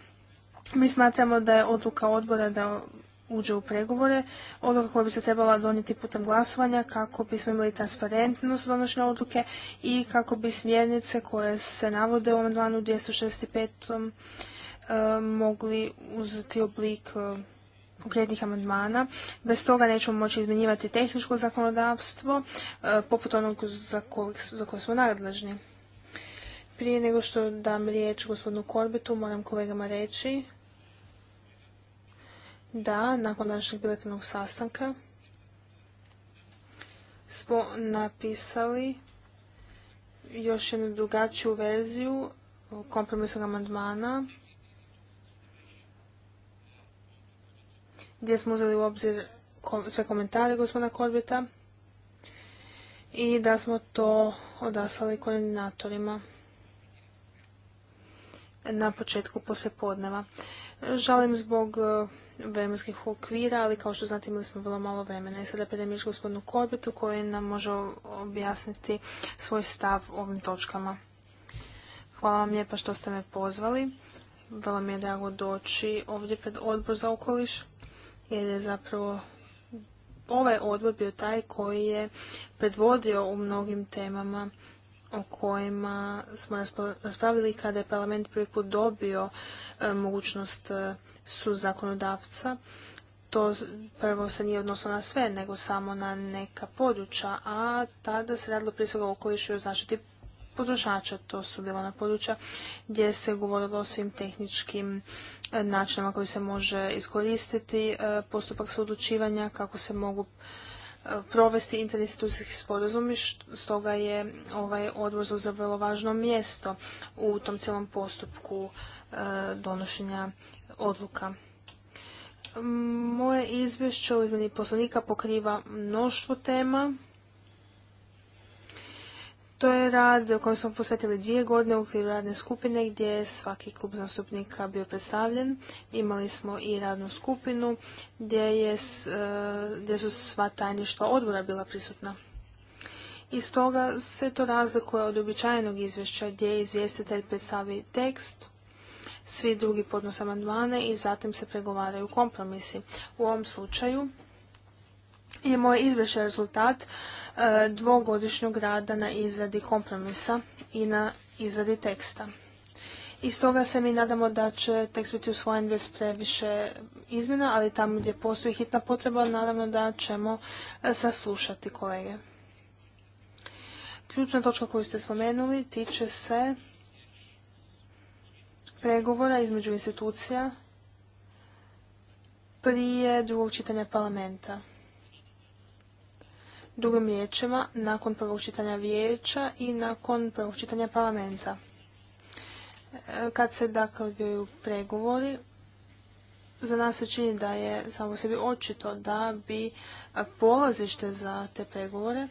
Mi smatramo da je odluka odbora da uđe u pregovore, odluka koja bi se trebala donijeti putem glasovanja kako bismo imali transparentnost donošenja odluke i kako bi smjernice koje se navode u amandmanu dvjesto 265. Um, um, mogli uzeti oblik um, konkretnih amandmana. Bez toga nećemo moći izmjenjivati tehničko zakonodavstvo, uh, poput onog za, za koje smo nadležni. Prije nego što dam riječ gospodinu Korbitu, moram kolegama reći da nakon današnjeg biletnog sastanka smo napisali još jednu drugačiju verziju kompromisnog amandmana gdje smo uzeli u obzir sve komentare gospodina Korbita i da smo to odaslali koordinatorima na početku podneva. Žalim zbog vremenskih okvira, ali kao što znate imali smo vrlo malo vremena. I sada predajem riječ gospodinu Korbetu koji nam može objasniti svoj stav ovim točkama. Hvala vam lijepa što ste me pozvali. Vrlo mi je drago doći ovdje pred odbor za okoliš, jer je zapravo ovaj odbor bio taj koji je predvodio u mnogim temama o kojima smo raspravili kada je parlament prvi put dobio e, mogućnost e, su zakonodavca, to prvo se nije odnosilo na sve, nego samo na neka područja, a tada se radilo prije svega okolišu i o zaštiti potrošača. To su bila na područja gdje se govorilo o svim tehničkim e, načinama koji se može iskoristiti, e, postupak sudučivanja, kako se mogu e, provesti interinstitucijski sporazumi, stoga je ovaj odbor za vrlo važno mjesto u tom cijelom postupku donošenja odluka. Moje izvješće o izmjeni poslovnika pokriva mnoštvo tema. To je rad u kojem smo posvetili dvije godine u okviru radne skupine gdje je svaki klub zastupnika bio predstavljen. Imali smo i radnu skupinu gdje, je, e, gdje su sva tajništva odbora bila prisutna. I stoga se to razlikuje od običajenog izvješća gdje izvjestitelj predstavi tekst svi drugi podnose amandmane i zatim se pregovaraju kompromisi. U ovom slučaju je moj izvješće rezultat e, dvogodišnjog rada na izradi kompromisa i na izradi teksta. I stoga se mi nadamo da će tekst biti usvojen bez previše izmjena, ali tamo gdje postoji hitna potreba, naravno da ćemo e, saslušati kolege. Ključna točka koju ste spomenuli tiče se pregovora između institucija prije drugog čitanja parlamenta. Drugim riječima, nakon prvog čitanja vijeća i nakon prvog čitanja parlamenta. E, kad se dakle bio pregovori, za nas se čini da je samo sebi očito da bi polazište za te pregovore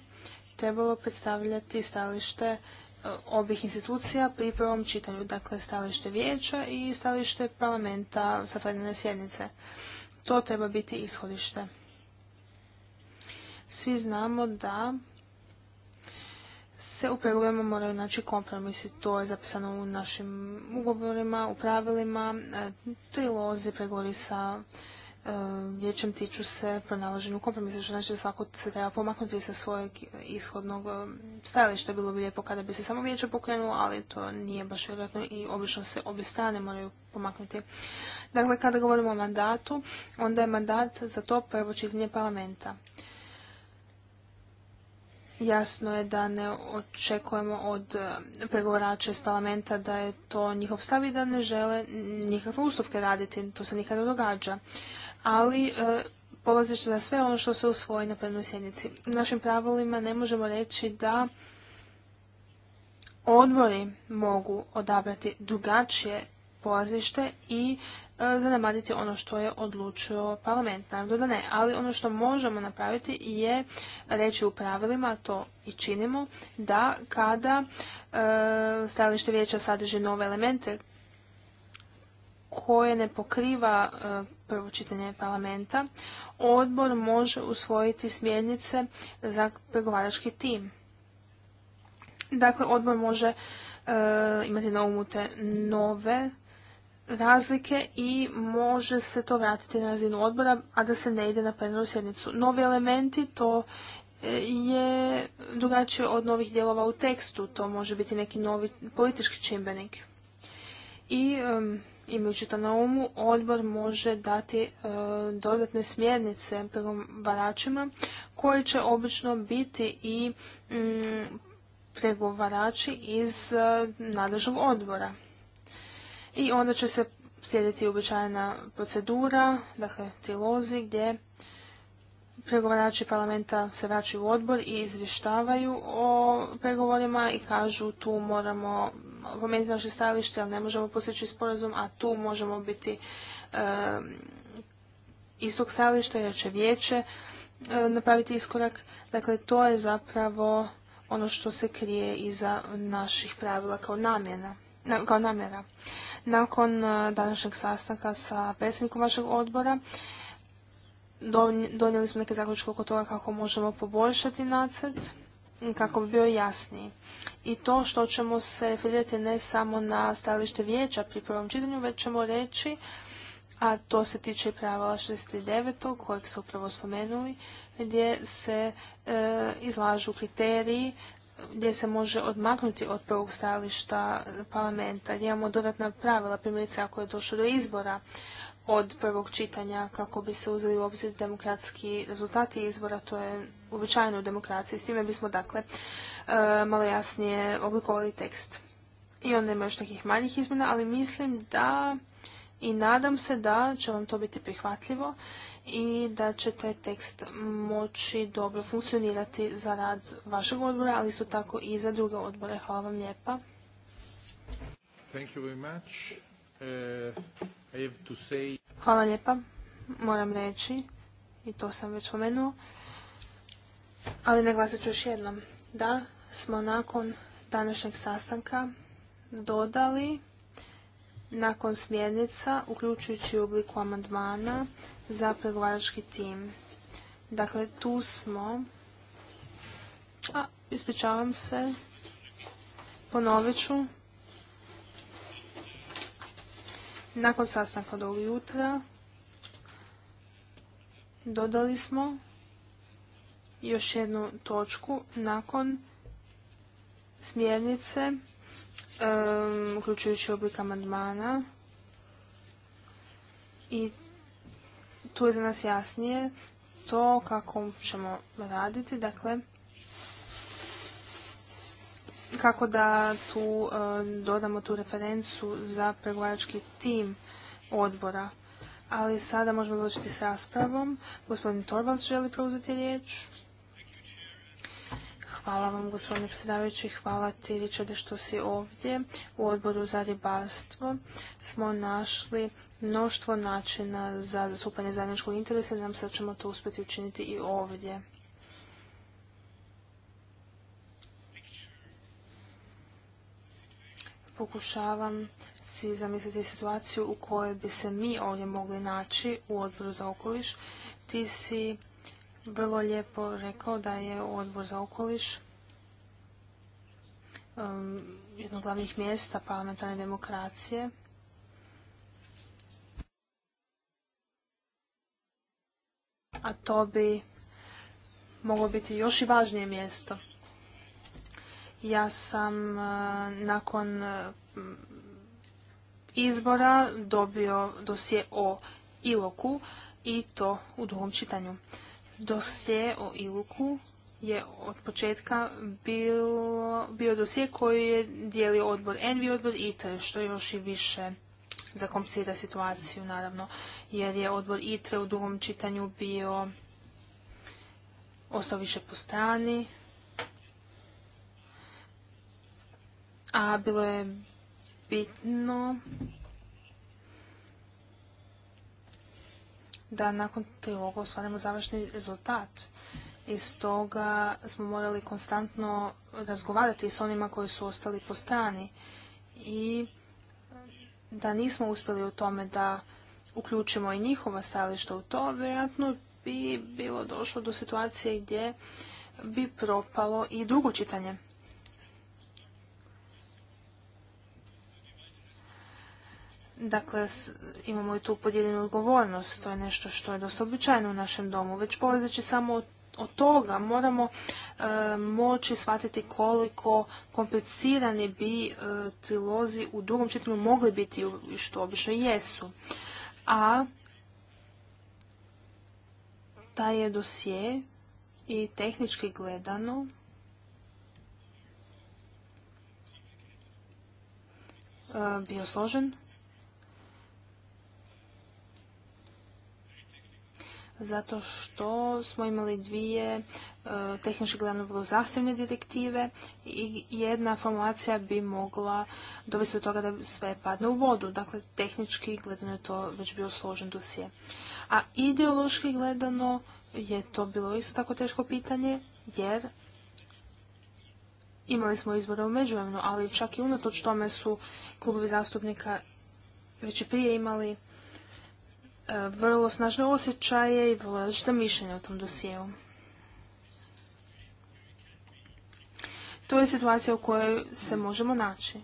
trebalo predstavljati stalište E, obih institucija pri prvom čitanju, dakle stalište vijeća i stalište parlamenta sa plenarne sjednice. To treba biti ishodište. Svi znamo da se u pregovorima moraju naći kompromisi. To je zapisano u našim ugovorima, u pravilima, e, trilozi, pregovori sa vijećem tiču se pronalaženju kompromisa, što znači da svako se treba pomaknuti sa svojeg ishodnog um, stajališta. Bilo bi lijepo kada bi se samo vijeće pokrenulo, ali to nije baš vjerojatno i obično se obje strane moraju pomaknuti. Dakle, kada govorimo o mandatu, onda je mandat za to prvo čitanje parlamenta. Jasno je da ne očekujemo od um, pregovarača iz parlamenta da je to njihov stav i da ne žele nikakve ustupke raditi. To se nikada događa ali e, polazište za sve ono što se usvoji na plenoj sjednici. Našim pravilima ne možemo reći da odbori mogu odabrati drugačije polazište i e, zanemariti ono što je odlučio parlament. Naravno da ne, ali ono što možemo napraviti je reći u pravilima, to i činimo, da kada e, stajalište vijeća sadrži nove elemente koje ne pokriva e, prvo čitanje parlamenta, odbor može usvojiti smjernice za pregovarački tim. Dakle, odbor može e, imati na umu te nove razlike i može se to vratiti na razinu odbora, a da se ne ide na plenarnu sjednicu. Novi elementi to e, je drugačije od novih dijelova u tekstu, to može biti neki novi politički čimbenik. I Imajući to na umu, odbor može dati e, dodatne smjernice pregovaračima koji će obično biti i mm, pregovarači iz e, nadležnog odbora. I onda će se slijediti uobičajena procedura, dakle trilozi gdje pregovarači parlamenta se vraćaju u odbor i izvještavaju o pregovorima i kažu tu moramo pomijeniti naše stajalište, ali ne možemo postići sporazum, a tu možemo biti istog stajališta jer će vijeće napraviti iskorak. Dakle, to je zapravo ono što se krije iza naših pravila kao namjena. kao namjera. Nakon e, današnjeg sastanka sa predsjednikom vašeg odbora, donijeli smo neke zaključke oko toga kako možemo poboljšati nacrt kako bi bio jasniji. I to što ćemo se referirati ne samo na stajalište vijeća pri prvom čitanju, već ćemo reći, a to se tiče i pravila 69. kojeg ste upravo spomenuli, gdje se e, izlažu kriteriji gdje se može odmaknuti od prvog stajališta parlamenta, gdje imamo dodatna pravila, primjerice ako je došlo do izbora od prvog čitanja kako bi se uzeli u obzir demokratski rezultati izbora, to je uobičajeno u demokraciji. S time bismo dakle e, malo jasnije oblikovali tekst. I onda ima još nekih manjih izmjena, ali mislim da i nadam se da će vam to biti prihvatljivo i da će taj tekst moći dobro funkcionirati za rad vašeg odbora, ali isto tako i za druge odbore. Hvala vam lijepa. Thank you very much. E, Hvala lijepa. Moram reći, i to sam već spomenuo, ali naglasit ću još jednom, da smo nakon današnjeg sastanka dodali nakon smjernica, uključujući u obliku amandmana, za pregovarački tim. Dakle, tu smo, a ispričavam se, ponovit ću, Nakon sastanka do jutra dodali smo još jednu točku nakon smjernice uključujući oblik amandmana i tu je za nas jasnije to kako ćemo raditi. Dakle, kako da tu e, dodamo tu referencu za pregovarački tim odbora. Ali sada možemo doći s raspravom. Gospodin Torvalds želi preuzeti riječ. Hvala vam, gospodine predsjedavajući. Hvala ti, Richarde, što si ovdje. U odboru za ribarstvo smo našli mnoštvo načina za zastupanje zajedničkog interesa i nam sad ćemo to uspjeti učiniti i ovdje. pokušavam si zamisliti situaciju u kojoj bi se mi ovdje mogli naći u odboru za okoliš. Ti si vrlo lijepo rekao da je odbor za okoliš um, jedno od glavnih mjesta parlamentarne demokracije. A to bi moglo biti još i važnije mjesto. Ja sam e, nakon e, izbora dobio dosje o iloku i to u drugom čitanju. Dosje o Iloku je od početka bio dosje koji je dijelio odbor Envi, odbor ITRE, što još i više zakomplicira situaciju, naravno, jer je odbor ITRE u drugom čitanju bio ostao više po strani, a bilo je bitno da nakon toga ostvarimo završni rezultat. Iz toga smo morali konstantno razgovarati s onima koji su ostali po strani i da nismo uspjeli u tome da uključimo i njihova stajališta u to, vjerojatno bi bilo došlo do situacije gdje bi propalo i drugo čitanje Dakle, imamo i tu podijeljenu odgovornost, to je nešto što je dosta običajno u našem domu. Već polazeći samo od, toga moramo e, moći shvatiti koliko komplicirani bi e, trilozi u drugom čitanju mogli biti što obično jesu. A taj je dosje i tehnički gledano e, bio složen zato što smo imali dvije e, tehnički gledano vrlo zahtjevne direktive i jedna formulacija bi mogla dovesti do toga da sve padne u vodu. Dakle, tehnički gledano je to već bio složen dosije. A ideološki gledano je to bilo isto tako teško pitanje jer imali smo izbore u međuvremenu, ali čak i unatoč tome su klubovi zastupnika već i prije imali E, vrlo snažne osjećaje i vrlo različite mišljenje o tom dosjeu. To je situacija u kojoj se možemo naći.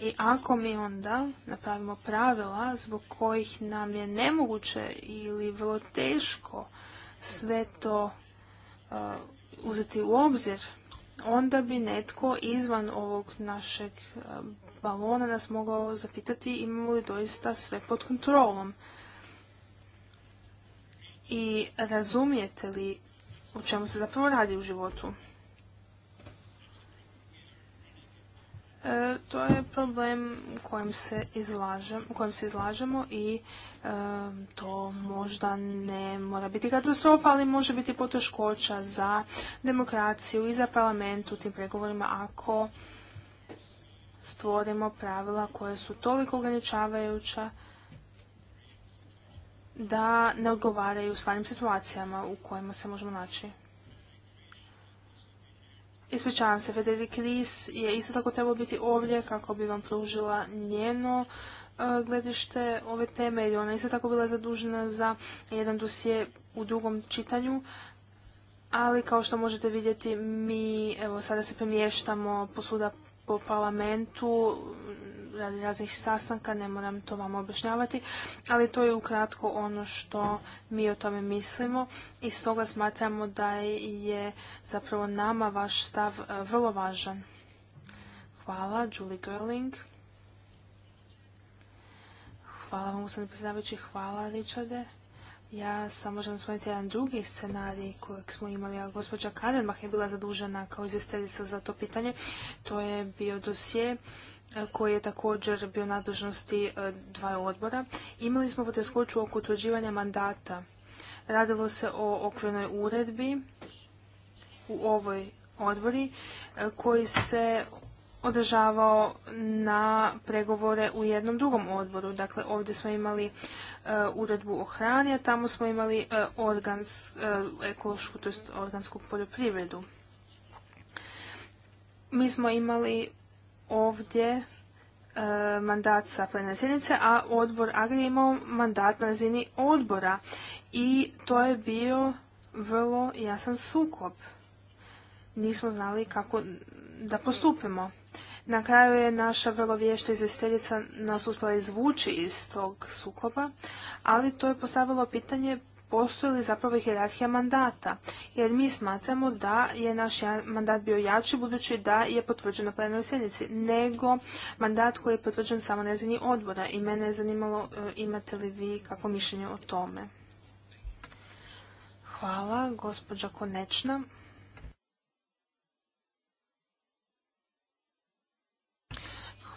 I ako mi onda napravimo pravila zbog kojih nam je nemoguće ili vrlo teško sve to e, uzeti u obzir, onda bi netko izvan ovog našeg e, balona nas mogao zapitati imamo li doista sve pod kontrolom i razumijete li o čemu se zapravo radi u životu. E, to je problem kojem se, izlažem, kojem se izlažemo i e, to možda ne mora biti katastrofa, ali može biti poteškoća za demokraciju i za parlament u tim pregovorima ako stvorimo pravila koje su toliko ograničavajuća da ne odgovaraju stvarnim situacijama u kojima se možemo naći. Ispričavam se, Frederik Ris je isto tako trebao biti ovdje kako bi vam pružila njeno e, gledište ove teme jer ona isto tako bila zadužena za jedan dosje u drugom čitanju. Ali kao što možete vidjeti mi evo sada se premještamo posuda po parlamentu radi raznih sastanka, ne moram to vam objašnjavati, ali to je ukratko ono što mi o tome mislimo i stoga smatramo da je zapravo nama vaš stav e, vrlo važan. Hvala, Julie Gerling. Hvala vam, gospodine predsjedavajući. Hvala, Richarde. Ja samo želim spomenuti jedan drugi scenarij kojeg smo imali, a gospođa Kadenbach je bila zadužena kao izvjestiteljica za to pitanje. To je bio dosje koji je također bio nadležnosti e, dva odbora, imali smo poteškoću oko utvrđivanja mandata. Radilo se o okvirnoj uredbi u ovoj odbori e, koji se održavao na pregovore u jednom drugom odboru. Dakle, ovdje smo imali e, uredbu o hrani, a tamo smo imali ekološku, to organsku poljoprivredu. Mi smo imali ovdje e, mandat sa plenarne sjednice, a odbor Agri imao mandat na razini odbora i to je bio vrlo jasan sukob. Nismo znali kako da postupimo. Na kraju je naša vrlo vješta izvjestiteljica nas uspjela izvući iz tog sukoba, ali to je postavilo pitanje postoji li zapravo hjerarhija mandata. Jer mi smatramo da je naš mandat bio jači budući da je potvrđen na plenarnoj sjednici, nego mandat koji je potvrđen samo na odbora. I mene je zanimalo e, imate li vi kako mišljenje o tome. Hvala, gospođa Konečna.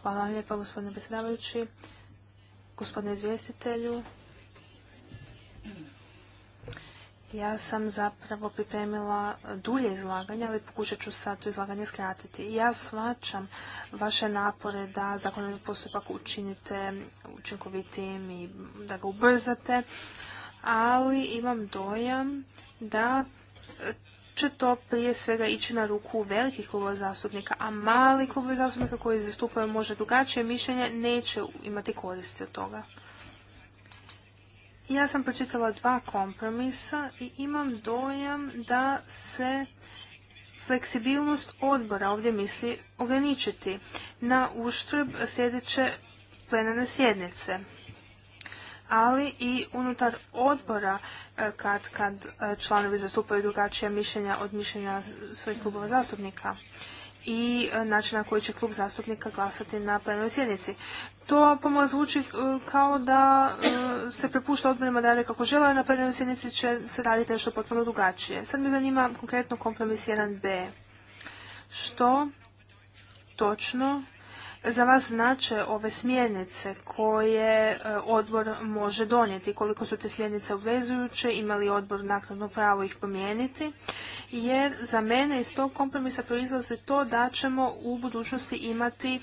Hvala vam lijepa, gospodine predsjedavajući, gospodine izvjestitelju, Ja sam zapravo pripremila dulje izlaganje, ali pokušat ću sad to izlaganje skratiti. Ja svačam vaše napore da zakonodavni postupak učinite učinkovitim i da ga ubrzate, ali imam dojam da će to prije svega ići na ruku velikih klubova zastupnika, a mali klubovi zastupnika koji zastupaju možda drugačije mišljenje neće imati koristi od toga. Ja sam pročitala dva kompromisa i imam dojam da se fleksibilnost odbora ovdje misli ograničiti na uštrb sljedeće plenarne sjednice. Ali i unutar odbora e, kad, kad e, članovi zastupaju drugačija mišljenja od mišljenja svojih klubova zastupnika i e, način na koji će klub zastupnika glasati na plenarnoj sjednici. To pomalo zvuči e, kao da e, se prepušta odborima da rade kako žele, a na plenarnoj sjednici će se raditi nešto potpuno drugačije. Sad me zanima konkretno kompromis 1b. Što točno za vas znače ove smjernice koje e, odbor može donijeti? Koliko su te smjernice obvezujuće? Ima li odbor naknadno pravo ih promijeniti? Jer za mene iz tog kompromisa proizlaze to da ćemo u budućnosti imati e,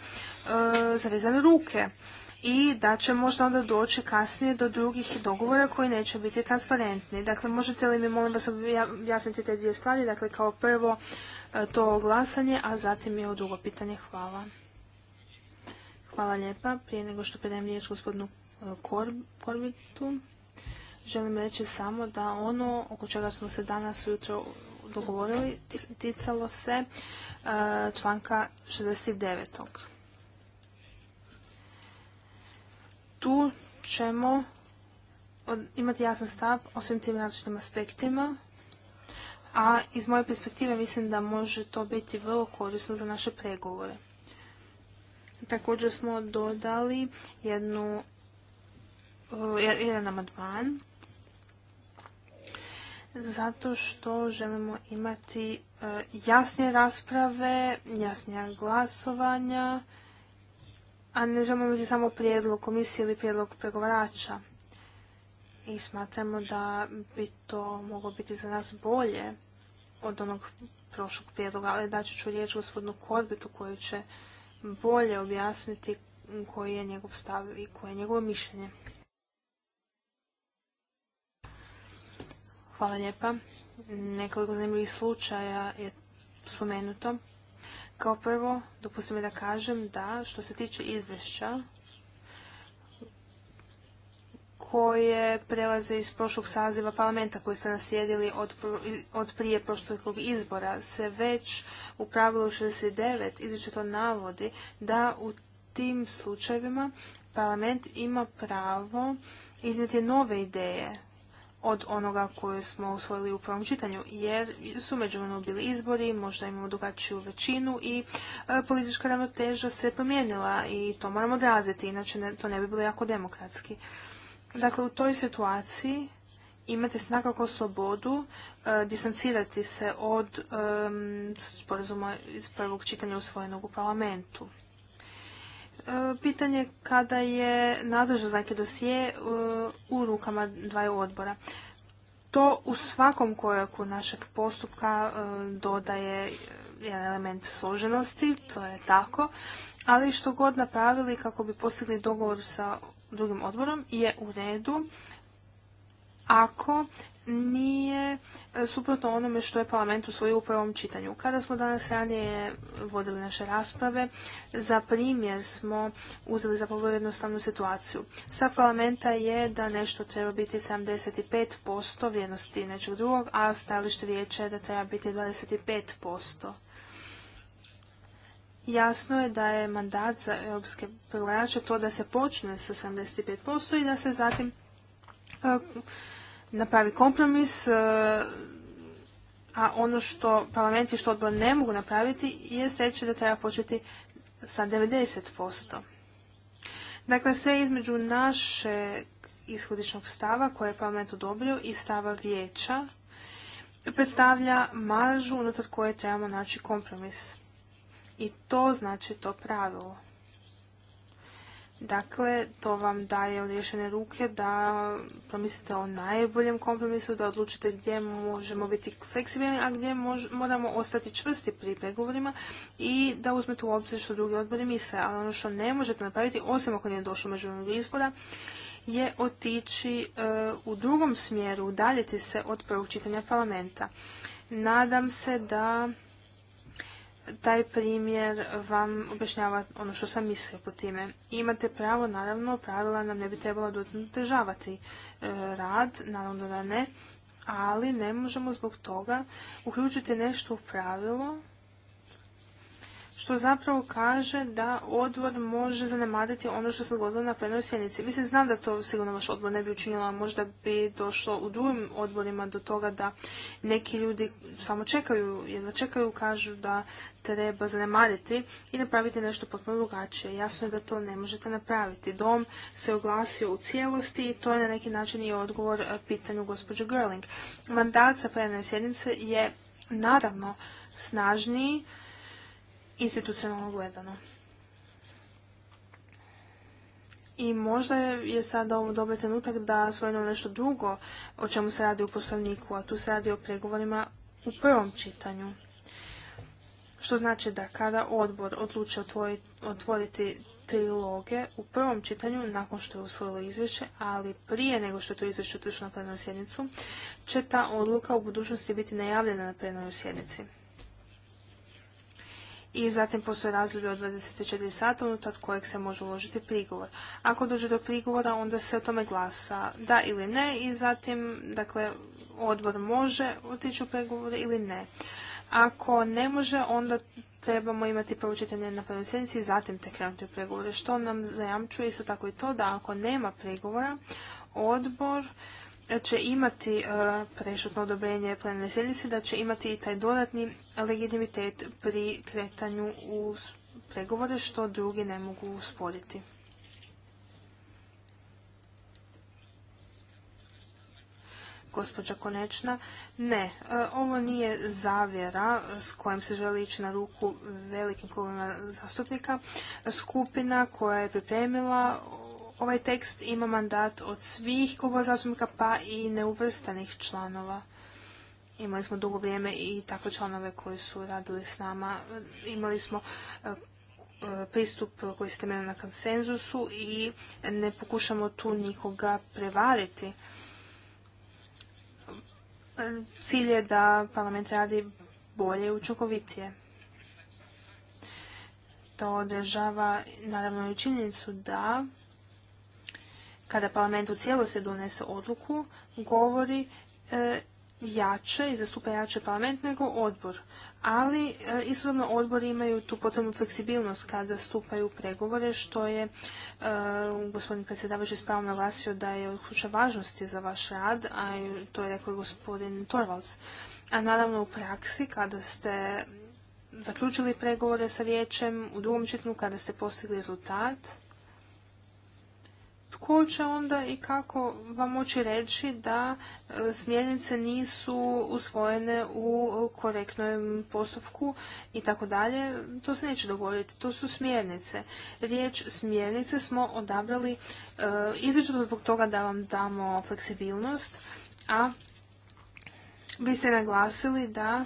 zavezane ruke i da će možda onda doći kasnije do drugih dogovora koji neće biti transparentni. Dakle, možete li mi molim vas objasniti te dvije stvari? Dakle, kao prvo e, to glasanje, a zatim i ovo drugo pitanje. Hvala. Hvala lijepa. Prije nego što predajem riječ gospodinu e, Korbitu, želim reći samo da ono oko čega smo se danas ujutro dogovorili ticalo se e, članka 69. Tu ćemo imati jasan stav o svim tim različitim aspektima, a iz moje perspektive mislim da može to biti vrlo korisno za naše pregovore. Također smo dodali jednu, e, jedan amandman zato što želimo imati e, jasnije rasprave, jasnija glasovanja, a ne želimo imati samo prijedlog komisije ili prijedlog pregovarača. I smatramo da bi to moglo biti za nas bolje od onog prošlog prijedloga, ali daću ću riječ gospodinu Korbitu koju će bolje objasniti koji je njegov stav i koje je njegovo mišljenje. Hvala lijepa. Nekoliko zanimljivih slučaja je spomenuto. Kao prvo, dopustite mi da kažem da što se tiče izvješća koje prelaze iz prošlog saziva parlamenta koji ste naslijedili od, prije prošlog izbora se već u pravilu 69 to navodi da u tim slučajevima parlament ima pravo iznijeti nove ideje od onoga koje smo usvojili u prvom čitanju, jer su međuvremenu bili izbori, možda imamo drugačiju većinu i e, politička ravnoteža se promijenila i to moramo odraziti, inače to ne bi bilo jako demokratski. Dakle, u toj situaciji imate svakako slobodu e, distancirati se od sporazuma iz prvog čitanja usvojenog u parlamentu. E, pitanje kada je nadležno za dosije e, u rukama dvaju odbora. To u svakom koraku našeg postupka dodaje jedan element složenosti, to je tako, ali što god napravili kako bi postigli dogovor sa drugim odborom je u redu ako nije suprotno onome što je parlament usvojio u prvom čitanju. Kada smo danas ranije vodili naše rasprave, za primjer smo uzeli zapravo jednostavnu situaciju. Sa parlamenta je da nešto treba biti 75% vrijednosti nečeg drugog, a stajalište vijeća je da treba biti 25%. Jasno je da je mandat za europske pregovarače to da se počne sa 75% i da se zatim e, napravi kompromis, e, a ono što parlament i što odbor ne mogu napraviti je sreće da treba početi sa 90%. Dakle, sve između naše ishodičnog stava koje je parlament odobrio i stava vijeća predstavlja maržu unutar koje trebamo naći kompromis. I to znači to pravilo. Dakle, to vam daje odriješene ruke da promislite o najboljem kompromisu, da odlučite gdje možemo biti fleksibilni, a gdje moramo ostati čvrsti pri pregovorima i da uzmete u obzir što drugi odbori misle. Ali ono što ne možete napraviti, osim ako nije došlo međunarodnog izbora, je otići e, u drugom smjeru, udaljiti se od prvog čitanja parlamenta. Nadam se da taj primjer vam objašnjava ono što sam mislio po time. Imate pravo, naravno, pravila nam ne bi trebala dodatno e, rad, naravno da ne, ali ne možemo zbog toga uključiti nešto u pravilo što zapravo kaže da odbor može zanemariti ono što se dogodilo na plenoj sjednici. Mislim, znam da to sigurno vaš odbor ne bi učinila, možda bi došlo u drugim odborima do toga da neki ljudi samo čekaju, jedva čekaju, kažu da treba zanemariti i napraviti nešto potpuno drugačije. Jasno je da to ne možete napraviti. Dom se oglasio u cijelosti i to je na neki način i odgovor pitanju gospođe Girling. Mandat sa plenoj sjednice je naravno snažniji institucionalno gledano. I možda je sada ovo dobar trenutak da svojeno nešto drugo o čemu se radi u poslovniku, a tu se radi o pregovorima u prvom čitanju. Što znači da kada odbor odluči otvoriti triloge u prvom čitanju, nakon što je usvojilo izvješće, ali prije nego što je to izvješće otišlo na plenarnu sjednicu, će ta odluka u budućnosti biti najavljena na plenarnoj sjednici i zatim postoje razdoblje od 24 sata unutar kojeg se može uložiti prigovor. Ako dođe do prigovora, onda se o tome glasa da ili ne i zatim, dakle, odbor može otići u pregovore ili ne. Ako ne može, onda trebamo imati prvo čitanje na prvoj sjednici i zatim te krenuti u pregovore, što nam zajamčuje isto tako i to da ako nema pregovora, odbor će imati e, prešutno odobrenje plenarne sjednice, da će imati i taj dodatni legitimitet pri kretanju u pregovore što drugi ne mogu usporiti. Gospođa Konečna, ne, e, ovo nije zavjera s kojom se želi ići na ruku velikim klubima zastupnika. Skupina koja je pripremila ovaj tekst ima mandat od svih kluba zastupnika pa i neuvrstanih članova. Imali smo dugo vrijeme i tako članove koji su radili s nama. Imali smo e, e, pristup koji se temelja na konsenzusu i ne pokušamo tu nikoga prevariti. Cilj je da parlament radi bolje i učinkovitije. To održava naravno i činjenicu da kada parlament u cijelosti donese odluku, govori e, jače i zastupa jače parlament nego odbor. Ali e, odbori imaju tu potrebnu fleksibilnost kada stupaju pregovore, što je e, gospodin predsjedavajući ispravno naglasio da je od važnosti za vaš rad, a to je rekao gospodin Torvalds. A naravno u praksi kada ste zaključili pregovore sa vijećem u drugom čitnu, kada ste postigli rezultat, tko će onda i kako vam moći reći da e, smjernice nisu usvojene u korektnom postupku i tako dalje, to se neće dogoditi. To su smjernice. Riječ smjernice smo odabrali e, izrečito zbog toga da vam damo fleksibilnost, a vi ste naglasili da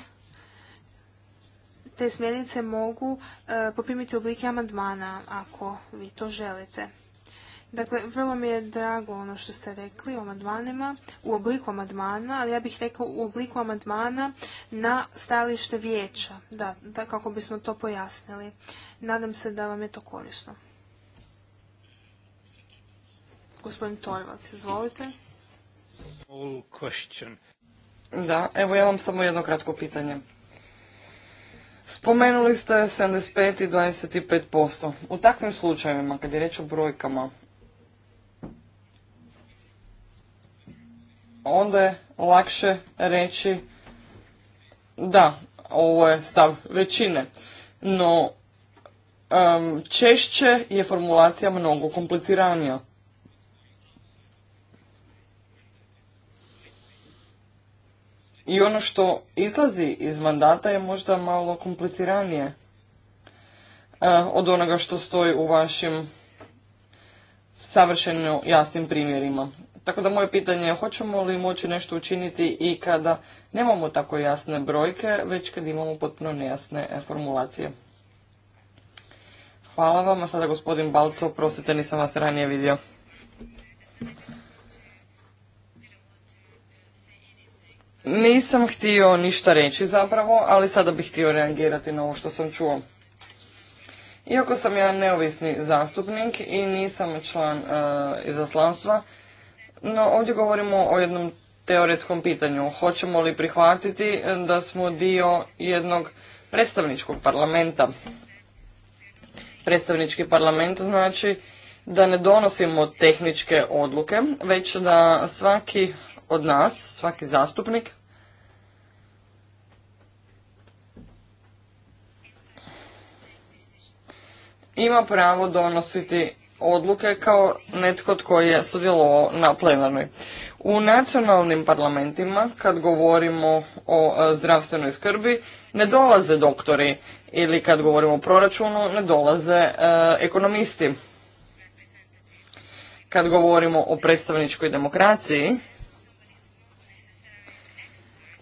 te smjernice mogu e, poprimiti oblike amandmana ako vi to želite. Dakle, vrlo mi je drago ono što ste rekli o amandmanima, u obliku amandmana, ali ja bih rekao u obliku amandmana na stajalište vijeća, da, da, kako bismo to pojasnili. Nadam se da vam je to korisno. Gospodin Torvac, izvolite. Da, evo ja vam samo jedno kratko pitanje. Spomenuli ste 75 i 25%. U takvim slučajevima, kad je reč o brojkama, onda je lakše reći da, ovo je stav većine. No, češće je formulacija mnogo kompliciranija. I ono što izlazi iz mandata je možda malo kompliciranije e, od onoga što stoji u vašim savršeno jasnim primjerima. Tako da moje pitanje je hoćemo li moći nešto učiniti i kada nemamo tako jasne brojke, već kad imamo potpuno nejasne e, formulacije. Hvala vam, a sada gospodin Balco, prosite, nisam vas ranije vidio. Nisam htio ništa reći zapravo, ali sada bih htio reagirati na ovo što sam čuo. Iako sam ja neovisni zastupnik i nisam član e, izaslanstva, no, ovdje govorimo o jednom teoretskom pitanju. Hoćemo li prihvatiti eh, da smo dio jednog predstavničkog parlamenta? Predstavnički parlament znači da ne donosimo tehničke odluke, već da svaki od nas, svaki zastupnik, ima pravo donositi odluke kao netko tko je sudjelovao na plenarnoj. U nacionalnim parlamentima, kad govorimo o e, zdravstvenoj skrbi, ne dolaze doktori ili kad govorimo o proračunu, ne dolaze e, ekonomisti. Kad govorimo o predstavničkoj demokraciji,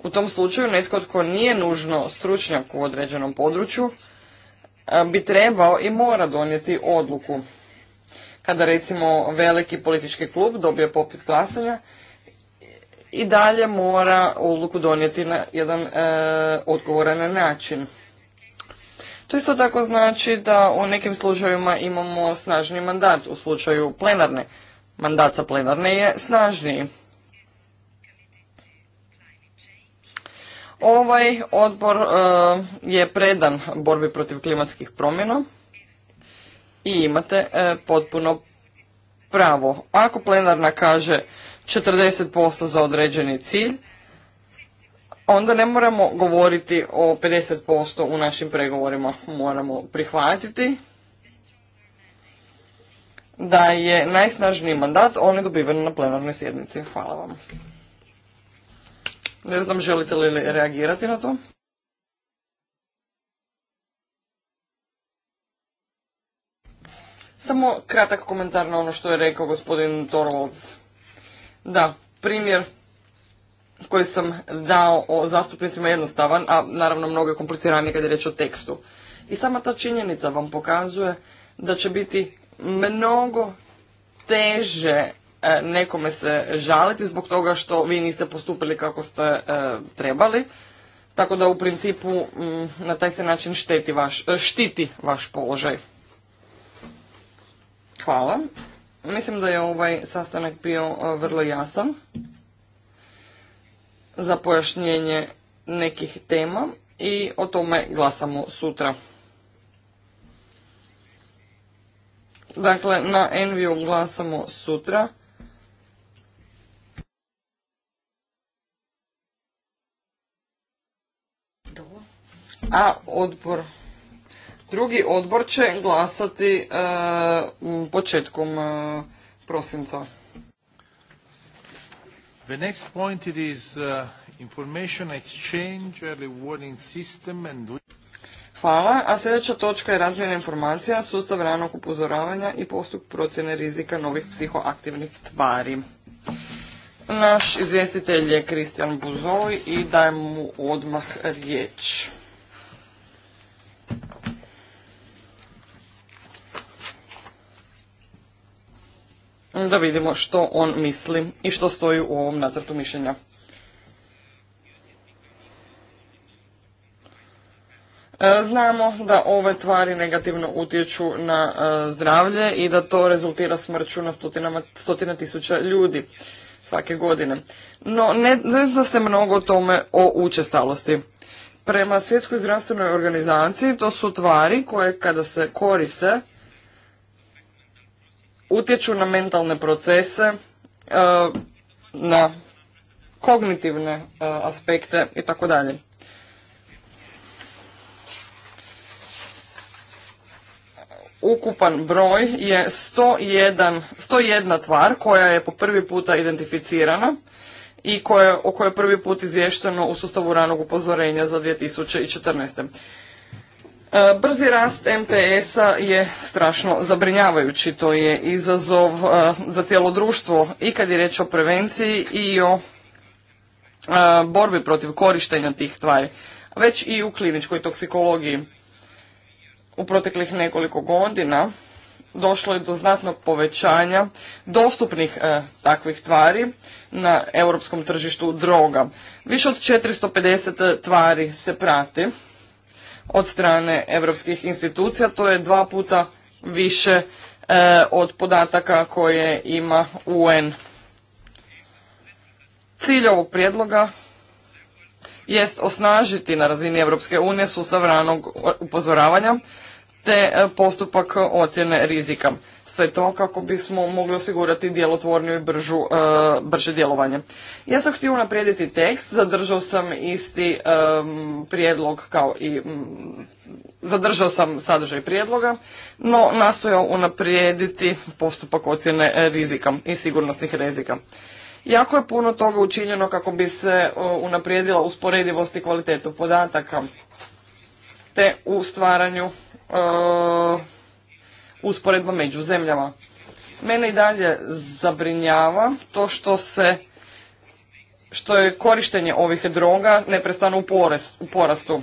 u tom slučaju netko tko nije nužno stručnjak u određenom području e, bi trebao i mora donijeti odluku kada recimo veliki politički klub dobije popis glasanja i dalje mora odluku donijeti na jedan e, odgovoran način. To isto tako znači da u nekim slučajevima imamo snažniji mandat. U slučaju plenarne, mandat sa plenarne je snažniji. Ovaj odbor e, je predan borbi protiv klimatskih promjena i imate e, potpuno pravo. Ako plenarna kaže 40% za određeni cilj, onda ne moramo govoriti o 50% u našim pregovorima. Moramo prihvatiti da je najsnažniji mandat je dobiven na plenarnoj sjednici. Hvala vam. Ne znam, želite li reagirati na to? Samo kratak komentar na ono što je rekao gospodin Torvalds. Da, primjer koji sam dao o zastupnicima je jednostavan, a naravno mnogo je kompliciranije kad je reč o tekstu. I sama ta činjenica vam pokazuje da će biti mnogo teže e, nekome se žaliti zbog toga što vi niste postupili kako ste e, trebali. Tako da u principu mm, na taj se način šteti e, štiti vaš položaj. Hvala. Mislim da je ovaj sastanak bio e, vrlo jasan za pojašnjenje nekih tema i o tome glasamo sutra. Dakle, na Enviju glasamo sutra. A odbor Drugi odbor će glasati e, u početkom e, prosinca. next point it is uh, information exchange system and Hvala, a sljedeća točka je razmjena informacija, sustav ranog upozoravanja i postup procjene rizika novih psihoaktivnih tvari. Naš izvjestitelj je Kristijan Buzoj i dajem mu odmah riječ. da vidimo što on misli i što stoji u ovom nacrtu mišljenja. E, znamo da ove tvari negativno utječu na e, zdravlje i da to rezultira smrću na stotina tisuća ljudi svake godine. No, ne zna se mnogo o tome o učestalosti. Prema Svjetskoj zdravstvenoj organizaciji to su tvari koje kada se koriste utječu na mentalne procese, e, na kognitivne e, aspekte i tako dalje. Ukupan broj je 101, 101 tvar koja je po prvi puta identificirana i koje, o kojoj je prvi put izvješteno u sustavu ranog upozorenja za 2014. Brzi rast MPS-a je strašno zabrinjavajući, to je izazov eh, za cijelo društvo i kad je reč o prevenciji i o eh, borbi protiv korištenja tih tvari, već i u kliničkoj toksikologiji. U proteklih nekoliko godina došlo je do znatnog povećanja dostupnih eh, takvih tvari na europskom tržištu droga. Više od 450 tvari se prati od strane europskih institucija, to je dva puta više e, od podataka koje ima UN. Cilj ovog prijedloga jest osnažiti na razini Europske unije sustav ranog upozoravanja te e, postupak ocjene rizika sve to kako bismo mogli osigurati djelotvorniju i e, brže djelovanje. Ja sam htio unaprijediti tekst, zadržao sam isti e, prijedlog kao i zadržao sam sadržaj prijedloga, no nastojao unaprijediti postupak ocjene rizika i sigurnosnih rizika. Jako je puno toga učinjeno kako bi se e, unaprijedila usporedivost i kvalitetu podataka, te u stvaranju usporedba među zemljama. Mene i dalje zabrinjava to što se što je korištenje ovih droga neprestano u, u porastu.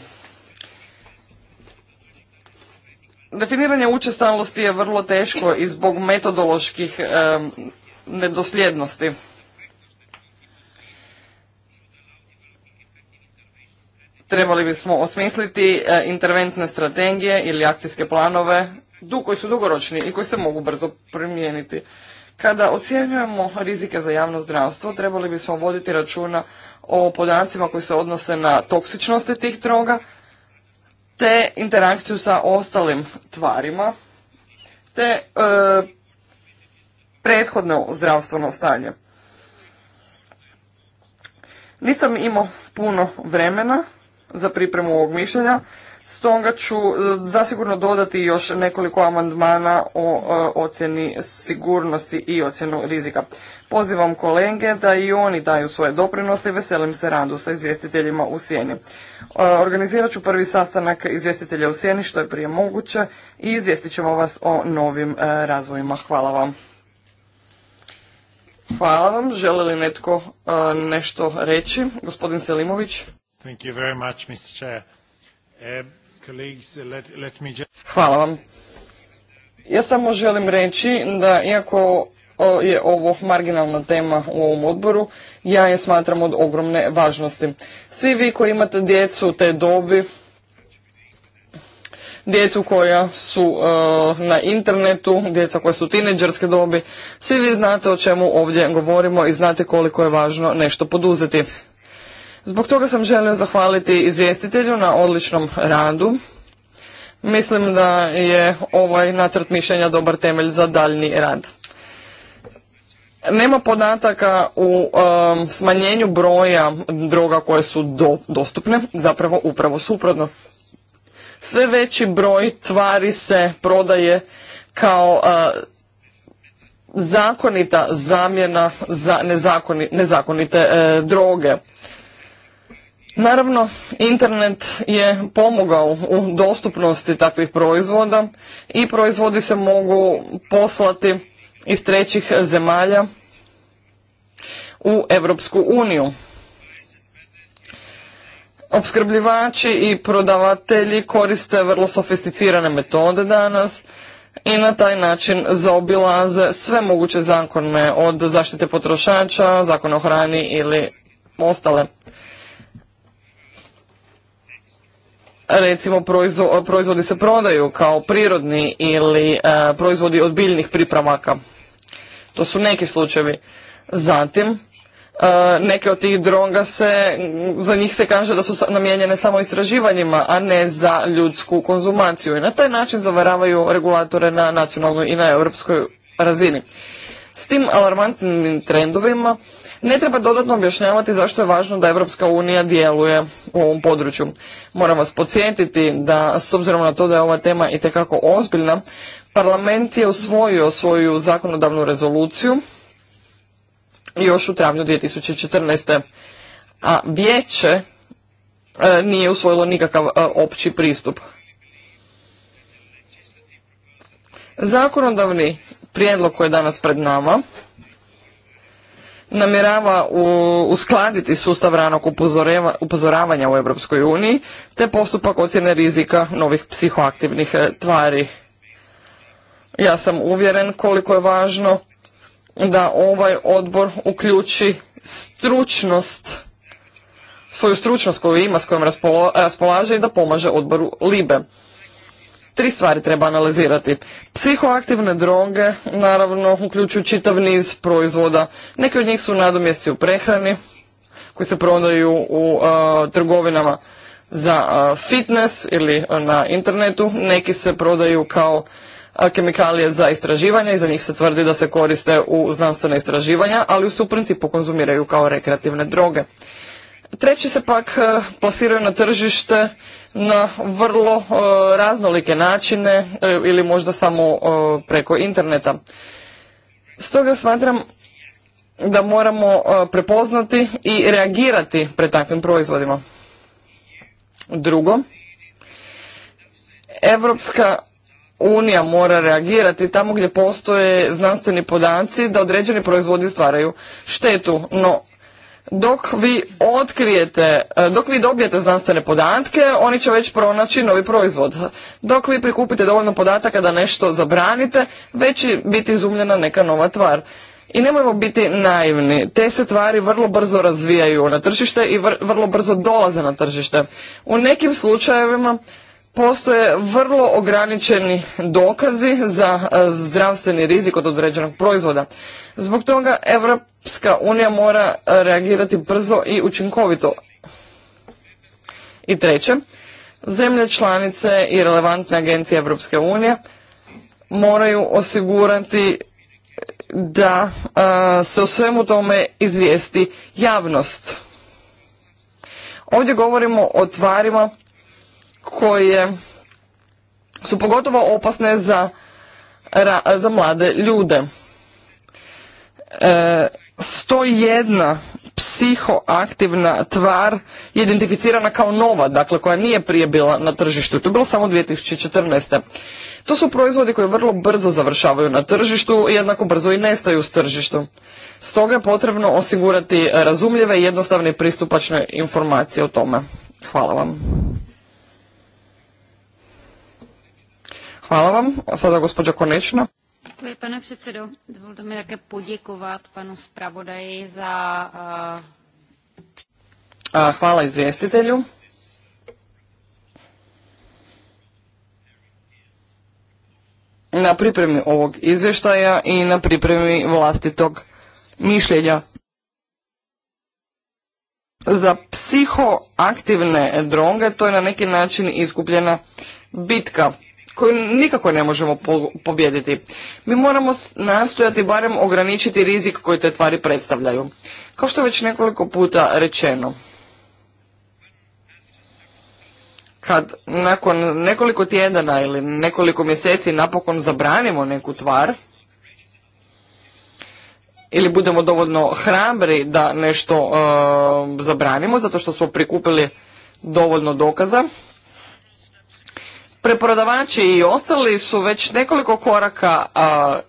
Definiranje učestalosti je vrlo teško i zbog metodoloških nedosljednosti. Trebali bismo osmisliti e, interventne strategije ili akcijske planove koji su dugoročni i koji se mogu brzo primijeniti. Kada ocjenjujemo rizike za javno zdravstvo, trebali bismo voditi računa o podacima koji se odnose na toksičnosti tih droga, te interakciju sa ostalim tvarima, te e, prethodno zdravstveno stanje. Nisam imao puno vremena za pripremu ovog mišljenja, Stoga ću e, zasigurno dodati još nekoliko amandmana o e, ocjeni sigurnosti i ocjenu rizika. Pozivam kolege da i oni daju svoje doprinose i veselim se radu sa izvjestiteljima u sjeni. E, organizirat ću prvi sastanak izvjestitelja u sjeni što je prije moguće i izvjestit ćemo vas o novim razvojima. Hvala vam. Hvala vam. Želi li netko nešto reći? Gospodin Selimović. Thank you very Uh, Hvala vam. Ja samo želim reći da iako je ovo marginalna tema u ovom odboru, ja je smatram od ogromne važnosti. Svi vi koji imate djecu te dobi, djecu koja su e, na internetu, djeca koja su tineđerske dobi, svi vi znate o čemu ovdje govorimo i znate koliko je važno nešto poduzeti. Zbog toga sam želio zahvaliti izvjestitelju na odličnom radu. Mislim da je ovaj nacrt mišljenja dobar temelj za daljni rad. Nema podataka u um, smanjenju broja droga koje su dostupne, zapravo upravo suprotno. Sve veći broj tvari se prodaje kao uh, zakonita zamjena za nezakonite uh, droge. Naravno, internet je pomogao u dostupnosti takvih proizvoda i proizvodi se mogu poslati iz trećih zemalja u Europsku uniju. Opskrbljivači i prodavatelji koriste vrlo sofisticirane metode danas i na taj način zaobilaze sve moguće zakone od zaštite potrošača, zakona o hrani ili ostale. recimo proizvodi se prodaju kao prirodni ili e, proizvodi od biljnih pripravaka. To su neki slučajevi. Zatim, e, neke od tih droga se, za njih se kaže da su namijenjene samo istraživanjima, a ne za ljudsku konzumaciju. I na taj način zavaravaju regulatore na nacionalnoj i na europskoj razini. S tim alarmantnim trendovima ne treba dodatno objašnjavati zašto je važno da Europska unija djeluje u ovom području. Moram vas podsjetiti da, s obzirom na to da je ova tema i itekako ozbiljna, parlament je usvojio svoju zakonodavnu rezoluciju još u travnju 2014. A vijeće e, nije usvojilo nikakav e, opći pristup. Zakonodavni prijedlog koji je danas pred nama namjerava uskladiti sustav ranog upozoravanja u Europskoj uniji te postupak ocjene rizika novih psihoaktivnih e, tvari. Ja sam uvjeren koliko je važno da ovaj odbor uključi stručnost, svoju stručnost koju ima s kojom raspolaže i da pomaže odboru LIBE. Tri stvari treba analizirati. Psihoaktivne droge, naravno, uključuju čitav niz proizvoda. Neki od njih su nadomjesti u prehrani, koji se prodaju u trgovinama za fitness ili na internetu. Neki se prodaju kao kemikalije za istraživanja i za njih se tvrdi da se koriste u znanstvene istraživanja, ali su u principu konzumiraju kao rekreativne droge. Treći se pak eh, plasiraju na tržište na vrlo eh, raznolike načine eh, ili možda samo preko interneta. Stoga smatram da moramo prepoznati i reagirati pred takvim proizvodima. Drugo, Evropska unija mora reagirati tamo gdje postoje znanstveni podaci da određeni proizvodi stvaraju štetu, no dok vi otkrijete, e, dok vi dobijete znanstvene podatke, oni će već pronaći novi proizvod. Dok vi prikupite dovoljno podataka da nešto zabranite, već će biti izumljena neka nova tvar. I nemojmo biti naivni, te se tvari vrlo brzo razvijaju na tržište i vrlo brzo dolaze na tržište. U nekim slučajevima postoje vrlo ograničeni dokazi za e, zdravstveni rizik od određenog proizvoda. Zbog toga Evropska unija mora reagirati brzo i učinkovito. I treće, zemlje članice i relevantne agencije Evropske unije moraju osigurati da e, se u svemu tome izvijesti javnost. Ovdje govorimo o tvarima koje su pogotovo opasne za, za mlade ljude. E, 101 psihoaktivna tvar je identificirana kao nova, dakle koja nije prije bila na tržištu. To je bilo samo 2014. To su proizvodi koji vrlo brzo završavaju na tržištu i jednako brzo i nestaju s tržištu. Stoga je potrebno osigurati razumljive i jednostavne pristupačne informacije o tome. Hvala vam. Hvala vam. A sada gospođa Konečna. Děkuji, pane předsedo. Dovolte mi také poděkovat panu zpravodaji za... A, hvala izvjestitelju. na pripremi ovog izvještaja i na pripremi vlastitog mišljenja. Za psihoaktivne droge to je na neki način iskupljena bitka koju nikako ne možemo pobijediti. Mi moramo nastojati barem ograničiti rizik koji te tvari predstavljaju. Kao što je već nekoliko puta rečeno, kad nakon nekoliko tjedana ili nekoliko mjeseci napokon zabranimo neku tvar, ili budemo dovoljno hrabri da nešto e, zabranimo zato što smo prikupili dovoljno dokaza preprodavači i ostali su već nekoliko koraka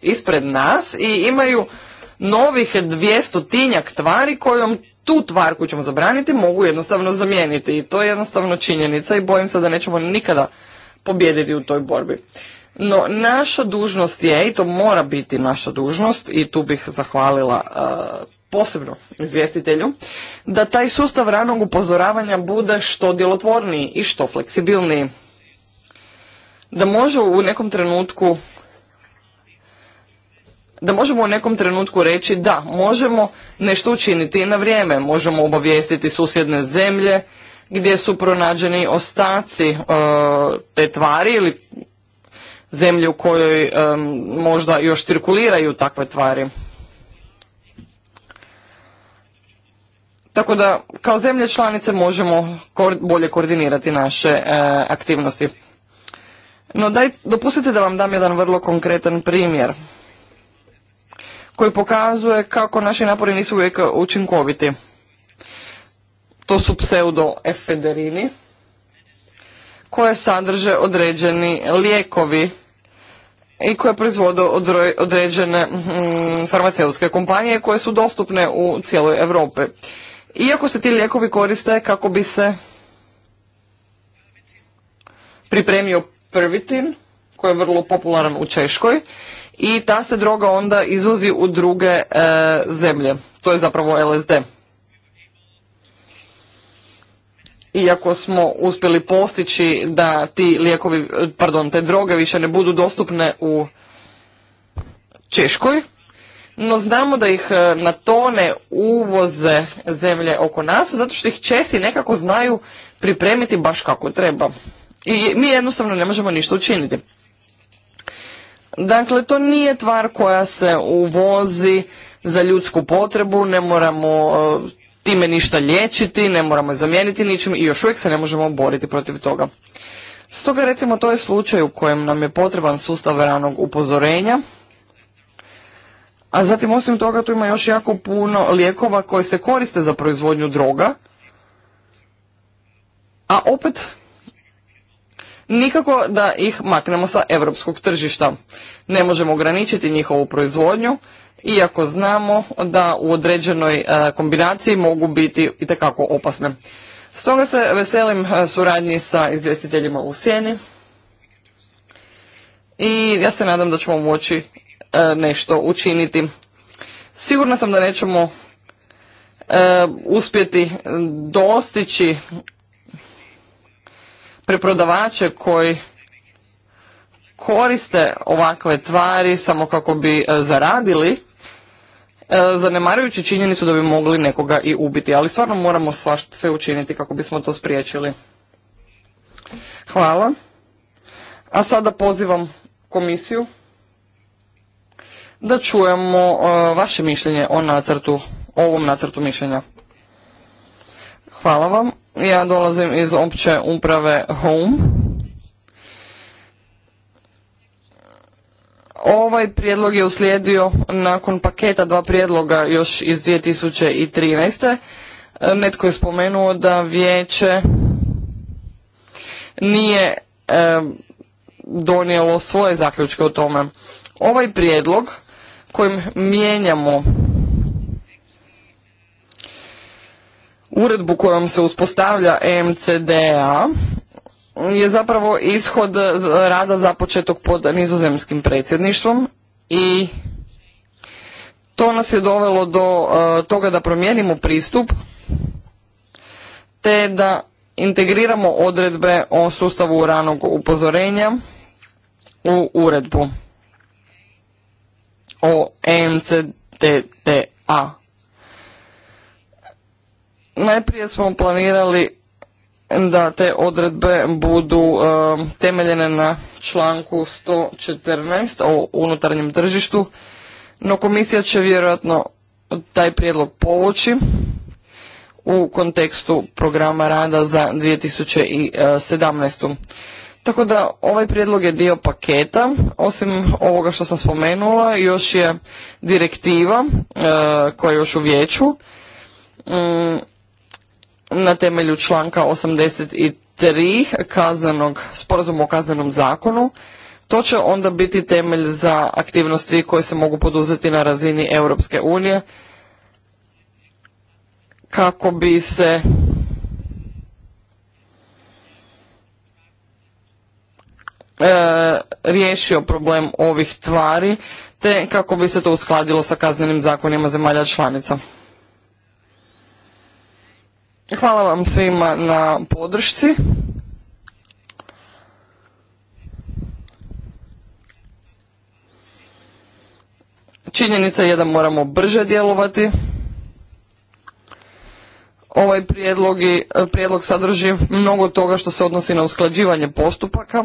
ispred nas i imaju novih tinjak tvari kojom tu tvar koju ćemo zabraniti mogu jednostavno zamijeniti i to je jednostavno činjenica i bojim se da nećemo nikada pobijediti u toj borbi. No, naša dužnost je, i to mora biti naša dužnost, i tu bih zahvalila posebno izvjestitelju, da taj sustav ranog upozoravanja bude što djelotvorniji i što fleksibilniji da u nekom trenutku da možemo u nekom trenutku reći da, možemo nešto učiniti na vrijeme, možemo obavijestiti susjedne zemlje gdje su pronađeni ostaci e, te tvari ili zemlje u kojoj e, možda još cirkuliraju takve tvari. Tako da kao zemlje članice možemo bolje koordinirati naše e, aktivnosti. No daj, dopustite da vam dam jedan vrlo konkretan primjer koji pokazuje kako naši napori nisu uvijek učinkoviti. To su pseudoefederini koje sadrže određeni lijekovi i koje proizvode određene mm, farmaceutske kompanije koje su dostupne u cijeloj Europi. Iako se ti lijekovi koriste kako bi se pripremio prvitin koji je vrlo popularan u Češkoj i ta se droga onda izvozi u druge e, zemlje. To je zapravo LSD. Iako smo uspjeli postići da ti lijekovi, e, pardon, te droge više ne budu dostupne u Češkoj, no znamo da ih e, na tone uvoze zemlje oko nas, zato što ih Česi nekako znaju pripremiti baš kako treba. I mi jednostavno ne možemo ništa učiniti. Dakle, to nije tvar koja se uvozi za ljudsku potrebu, ne moramo e, time ništa liječiti, ne moramo zamijeniti ničim i još uvijek se ne možemo boriti protiv toga. Stoga recimo to je slučaj u kojem nam je potreban sustav ranog upozorenja, a zatim osim toga tu ima još jako puno lijekova koji se koriste za proizvodnju droga, a opet nikako da ih maknemo sa europskog tržišta. Ne možemo ograničiti njihovu proizvodnju, iako znamo da u određenoj e, kombinaciji mogu biti itekako opasne. Stoga se veselim e, suradnji sa izvjestiteljima u sjeni i ja se nadam da ćemo moći e, nešto učiniti. Sigurna sam da nećemo uspjeti dostići preprodavače koji koriste ovakve tvari samo kako bi e, zaradili, e, zanemarujući činjenicu da bi mogli nekoga i ubiti. Ali stvarno moramo sve učiniti kako bismo to spriječili. Hvala. A sada pozivam komisiju da čujemo e, vaše mišljenje o nacrtu, ovom nacrtu mišljenja. Hvala vam. Ja dolazim iz opće uprave Home. Ovaj prijedlog je uslijedio nakon paketa dva prijedloga još iz 2013. Netko je spomenuo da vijeće nije donijelo svoje zaključke o tome. Ovaj prijedlog kojim mijenjamo uredbu kojom se uspostavlja MCDA je zapravo ishod eh, rada započetog pod nizozemskim predsjedništvom i to nas je dovelo do eh, toga da promijenimo pristup te da integriramo odredbe o sustavu ranog upozorenja u uredbu o MCDA. Najprije smo planirali da te odredbe budu e, temeljene na članku 114 o unutarnjem tržištu, no komisija će vjerojatno taj prijedlog povući u kontekstu programa rada za 2017. Tako da ovaj prijedlog je dio paketa, osim ovoga što sam spomenula, još je direktiva e, koja je još u vijeću. Mm, na temelju članka 83 kaznenog, sporazuma o kaznenom zakonu. To će onda biti temelj za aktivnosti koje se mogu poduzeti na razini Europske unije kako bi se e, riješio problem ovih tvari te kako bi se to uskladilo sa kaznenim zakonima zemalja članica. Hvala vam svima na podršci. Činjenica je da moramo brže djelovati. Ovaj prijedlog, e, prijedlog sadrži mnogo toga što se odnosi na usklađivanje postupaka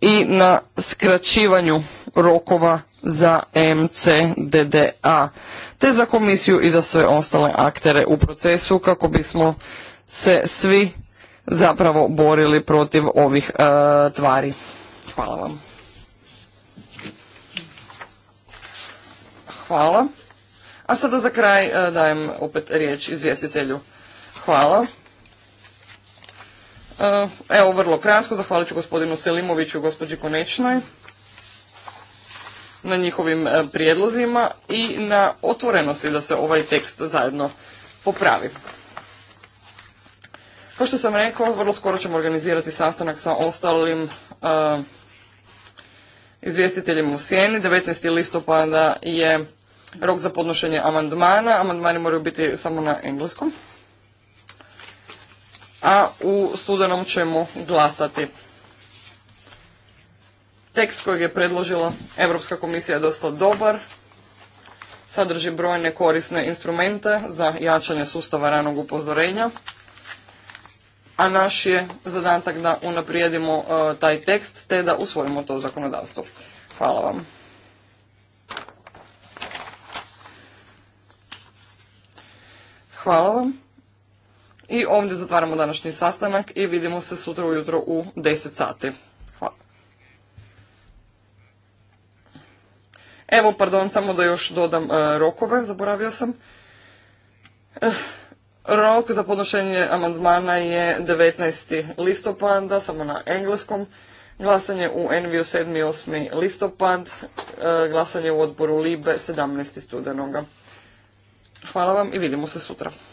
i na skraćivanju rokova za MCDDA, te za komisiju i za sve ostale aktere u procesu kako bismo se svi zapravo borili protiv ovih e, tvari. Hvala vam. Hvala. A sada za kraj e, dajem opet riječ izvjestitelju. Hvala. E, evo, vrlo kratko, zahvalit ću gospodinu Selimoviću i gospođi Konečnoj na njihovim e, prijedlozima i na otvorenosti da se ovaj tekst zajedno popravi. Kao što sam rekao, vrlo skoro ćemo organizirati sastanak sa ostalim e, izvjestiteljima u Sjeni. 19. listopada je rok za podnošenje amandmana. Amandmani moraju biti samo na engleskom. A u studenom ćemo glasati. Tekst kojeg je predložila Europska komisija je dosta dobar, sadrži brojne korisne instrumente za jačanje sustava ranog upozorenja, a naš je zadatak da unaprijedimo e, taj tekst te da usvojimo to zakonodavstvo. Hvala vam. Hvala vam. I ovdje zatvaramo današnji sastanak i vidimo se sutra ujutro u 10 sati. Evo, pardon, samo da još dodam e, rokove, zaboravio sam. E, rok za podnošenje amandmana je 19. listopada, samo na engleskom. Glasanje u Enviju 7. i 8. listopad, e, glasanje u odboru Libe 17. studenoga. Hvala vam i vidimo se sutra.